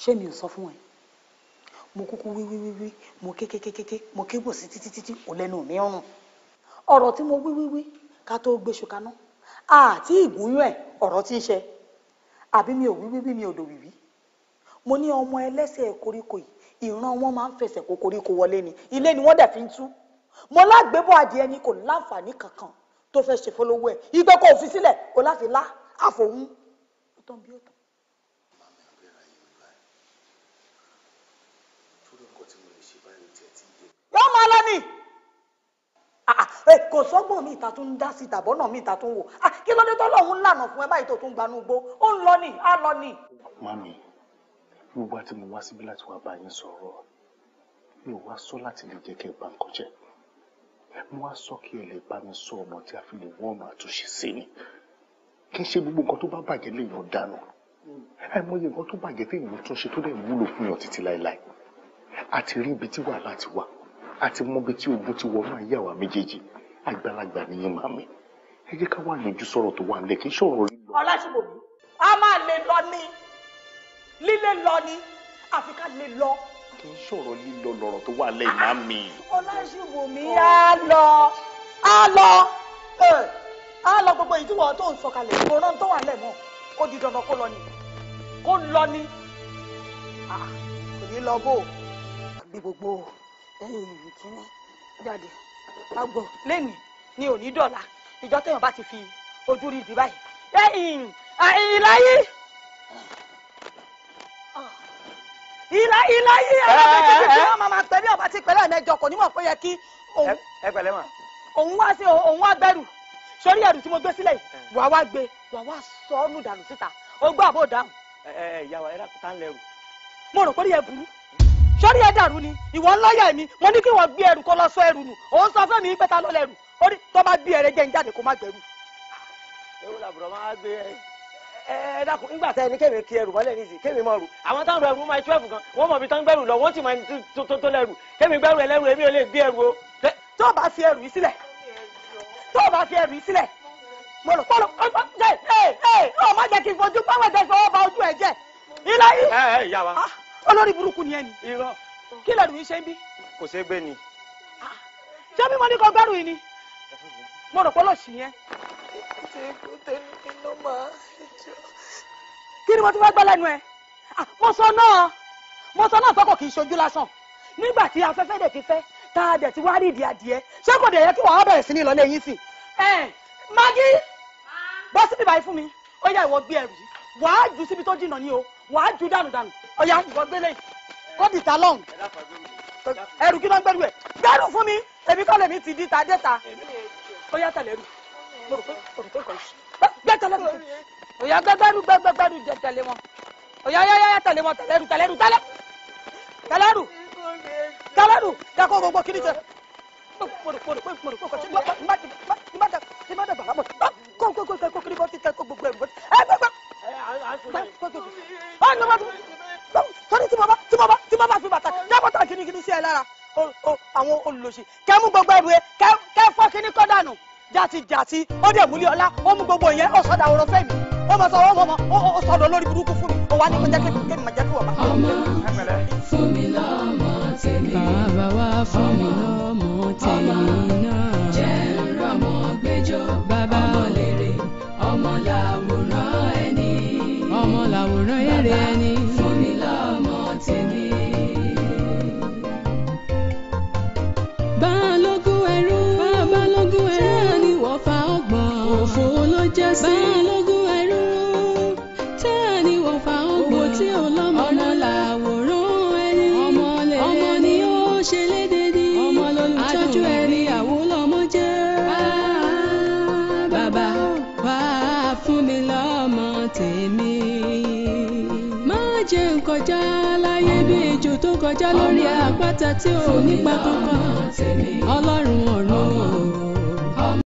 [SPEAKER 4] ṣé mi ò sọ fún ẹ mo kúkú wíwíwíwí mo kékékékéké mo kébò sí títí títí ò lẹ́nu mi ọrùn ọ̀rọ̀ tí mo wíwíwí ká tó gbéṣu kaná àti ìgúnyún ẹ ọ̀rọ̀ tí ń ṣe àbí mi ò wíwíwí mi ò dò wíwí mo ní ọmọ ẹlẹ́sẹ̀ koríko yìí ìran wọn máa ń fẹsẹ̀ kó koríko wọlé ni ilé ni wọ́n dẹ̀ fi ń tú mo lágbébọ̀ adìẹ ni kò láǹfààní kankan tó fẹ́ ṣe fọlọ́wọ́ ìgbẹ́ kò fi sílẹ̀ kò láfi lá àfòun ó tán bí ó tán. ọ máa lọ ni ah, ah, eh, kò sọ́gbọ́n mi ìta tún ń dá sí tàbọ́ náà mi ìta tún wò ah, kí ló dé tọ́lọ́hún lànà fún ẹ báyìí tó tún gbanú gbó ó ń lọ ni á lọ ni.
[SPEAKER 2] mami gbogbo àti mo wá síbí láti wá bá yín sọ̀rọ̀ mi ò wá sọ láti lè jẹ́ kẹ́ ẹ bá nǹkan jẹ́ mo wá sọ kí ẹ lè bá mi sọ ọmọ tí a fi lè wọ́n ọmọ àtúnṣe sí ni kí n ṣe gbogbo nǹkan tó bá bàjẹ́ lè yàn dànù àìmọye nǹkan tó bàjẹ́ téèyàn tún ṣe tó dẹ̀ wúlò fún yàn títí láéláé àti rí ibi tí wàhálà ti wà àti mọbi tí ogun ti wọnú ayé àwa méjèèjì àgbàlagbà nìyẹn màmí ẹ jẹ́ ká wà yanjú sọ̀rọ̀ tó wà nílẹ̀ kí rí lọ.
[SPEAKER 4] ọlásùbòmí a máa lè lọ ní lílé lọ ní àfi ká lè
[SPEAKER 2] lọ. kì í sọ̀rọ̀ lílọ lọ̀rọ̀ tó wà lẹ́yìn màmí.
[SPEAKER 4] ọlásùbòmí á lọ á lọ á lọ gbogbo ìdíwọ̀ tó ń sọ̀kalẹ̀ ìgbòràn tó wà lẹ̀ mọ́ ó di dandan kó lọ ni kó lọ ni
[SPEAKER 7] ah, kò ní
[SPEAKER 4] lọ bó àbí gbogbo lẹ́yìn ìlú kíní jáde agbo lẹ́yìn ni òní dọ̀la ìjọ tẹ̀yàn bá ti fi ojú rí ibi báyìí lẹ́yìn ìláyé ìlà ìláyé alábẹ́jẹ́ tí wọ́n máa pẹ́ bí ọba ti pẹ́lẹ́ ẹ̀mẹ́jọ kò ní mọ̀ pé yẹ kí òun wá sí òun wá bẹ̀rù sórí ẹ̀rù tí mo gbé sílẹ̀ yìí wàá wá gbé wàá wá sọ ọ́ nù dànù síta ó gbọ́ àbó dáhùn.
[SPEAKER 6] ẹ ẹ ìyá wa ẹ rà kúta ń lẹrù.
[SPEAKER 4] mo rò pé ó yẹ burú sórí ẹ dàrú ni ìwọ ńláyà mi mo ní kí wọn gbé ẹrù kó lọ sọ ẹrù nù òun sọ fún mi pé ta
[SPEAKER 6] ló lẹrù ó ní tó bá bí ẹrẹ jẹ ń jáde kó má gbẹrù. ewu làbúrò máa gbé ẹ ẹ dákun nígbà tá ẹni kémi ti ẹrù mọ́lẹ̀ nídìí kémi mọ́ ru àwọn táwọn ẹrù máa twelve kan wọ́n mọ̀ bí tán gbẹrù lọ wọ́n sì máa tó tó lẹ́rù kémi gbẹrù ẹ lẹ́rù èmi ò lè gbé ẹrù o. tó o bá fi ẹrù yìí sílẹ̀ tó o bá fi ẹrù yìí sílẹ̀ mo lọ kọ́ lọ ẹ ẹ
[SPEAKER 4] ọ má jẹ́ kí n fojú báwọn ẹ̀dẹ́ fọwọ́ ba ojú ẹ olórí burúkú ni ẹ ní. irọ́ kí lẹ́nu yìí ṣe ń bí. kò ṣeé gbé ni. Ah. ṣé mímọ ní kò gbárùn yìí ni mo rò pé lọ́ọ̀ṣì ni ẹ. kí ni mo ti fẹ́ gbọ́ lẹ́nu ẹ ah, mo sọ náà mo sọ náà tọkọ kì í ṣojú lásán nígbà tí afẹ́fẹ́ dẹ̀ ti fẹ́ tá a dẹ̀ ti wá rí ìdí adìẹ ṣé kò dẹ̀ yẹ kí wàá bẹ̀rẹ̀ sí ní ìlọlé yín sí. ẹ Maggie ah. bọ́sibí báyìí fún mi ó yá ìwọ gbé ẹrù yìí wàá jù síbi tó jìnnà ni o wàá jù dànù dànù ọ̀yà ìwọ gbélé kọ́dì ta lọ́hùn ẹrù kí ló ń gbẹ́rù ẹ̀ gbẹ́rù fún mi èmi kọ́ lèmi ti di ta dé ta ó yá tẹ̀lé rù mo rò pé òrò pé kàn ṣe gbẹ́ tẹ̀lé rù ọ̀yà gbẹ́gbẹ́rù gbẹ́gbẹ́rù jẹ tẹ̀lé wọn ọ̀yà yáyáyá tẹ̀lé wọn tẹ̀lé rù tẹ̀lé rù tẹ̀lé tẹ̀lé rù tẹ̀lé rù dẹ́kun gbogbo kiri jẹ mo rò pé mo rò pé kàn ṣe ní má dàgbà lábọ̀ kó kó kó kiri bọ́ ti tẹ̀ kó gbogbo ẹ̀rù bọ́ ti ẹ̀gbẹ́gbẹ́ sọ́ni tí mo bá tí mo àwọn olùlọ́sì kẹ́ mú gbogbo ẹrù ẹ kẹ́ fọ́ kínní kọ́ dànù jàtijàti ó dẹ̀ múlẹ̀ ọlá ó mú gbogbo yẹn ó sọ̀dà ọ̀rọ̀ fẹ́ ó mọ̀ sọ̀rọ̀ ọmọ ó sọ̀dọ̀ lórí burúkú fún mi ó wà ní kọjá kékeré mà jẹ́ kí wọ́n bá. ọmọ fún
[SPEAKER 1] mi lọ́mọ tèmi bàbá wa fún mi lọ́mọ tèmi. rẹ ni. fún mi lọ́mọ tèmi. balógun ẹrú balógun ẹrú ni wọ́n fa ọgbọ̀n òfò ló jẹ́ sí. balógun kọjá lórí àpáta tí ò nípa kankan ọlọ́run ọ̀run.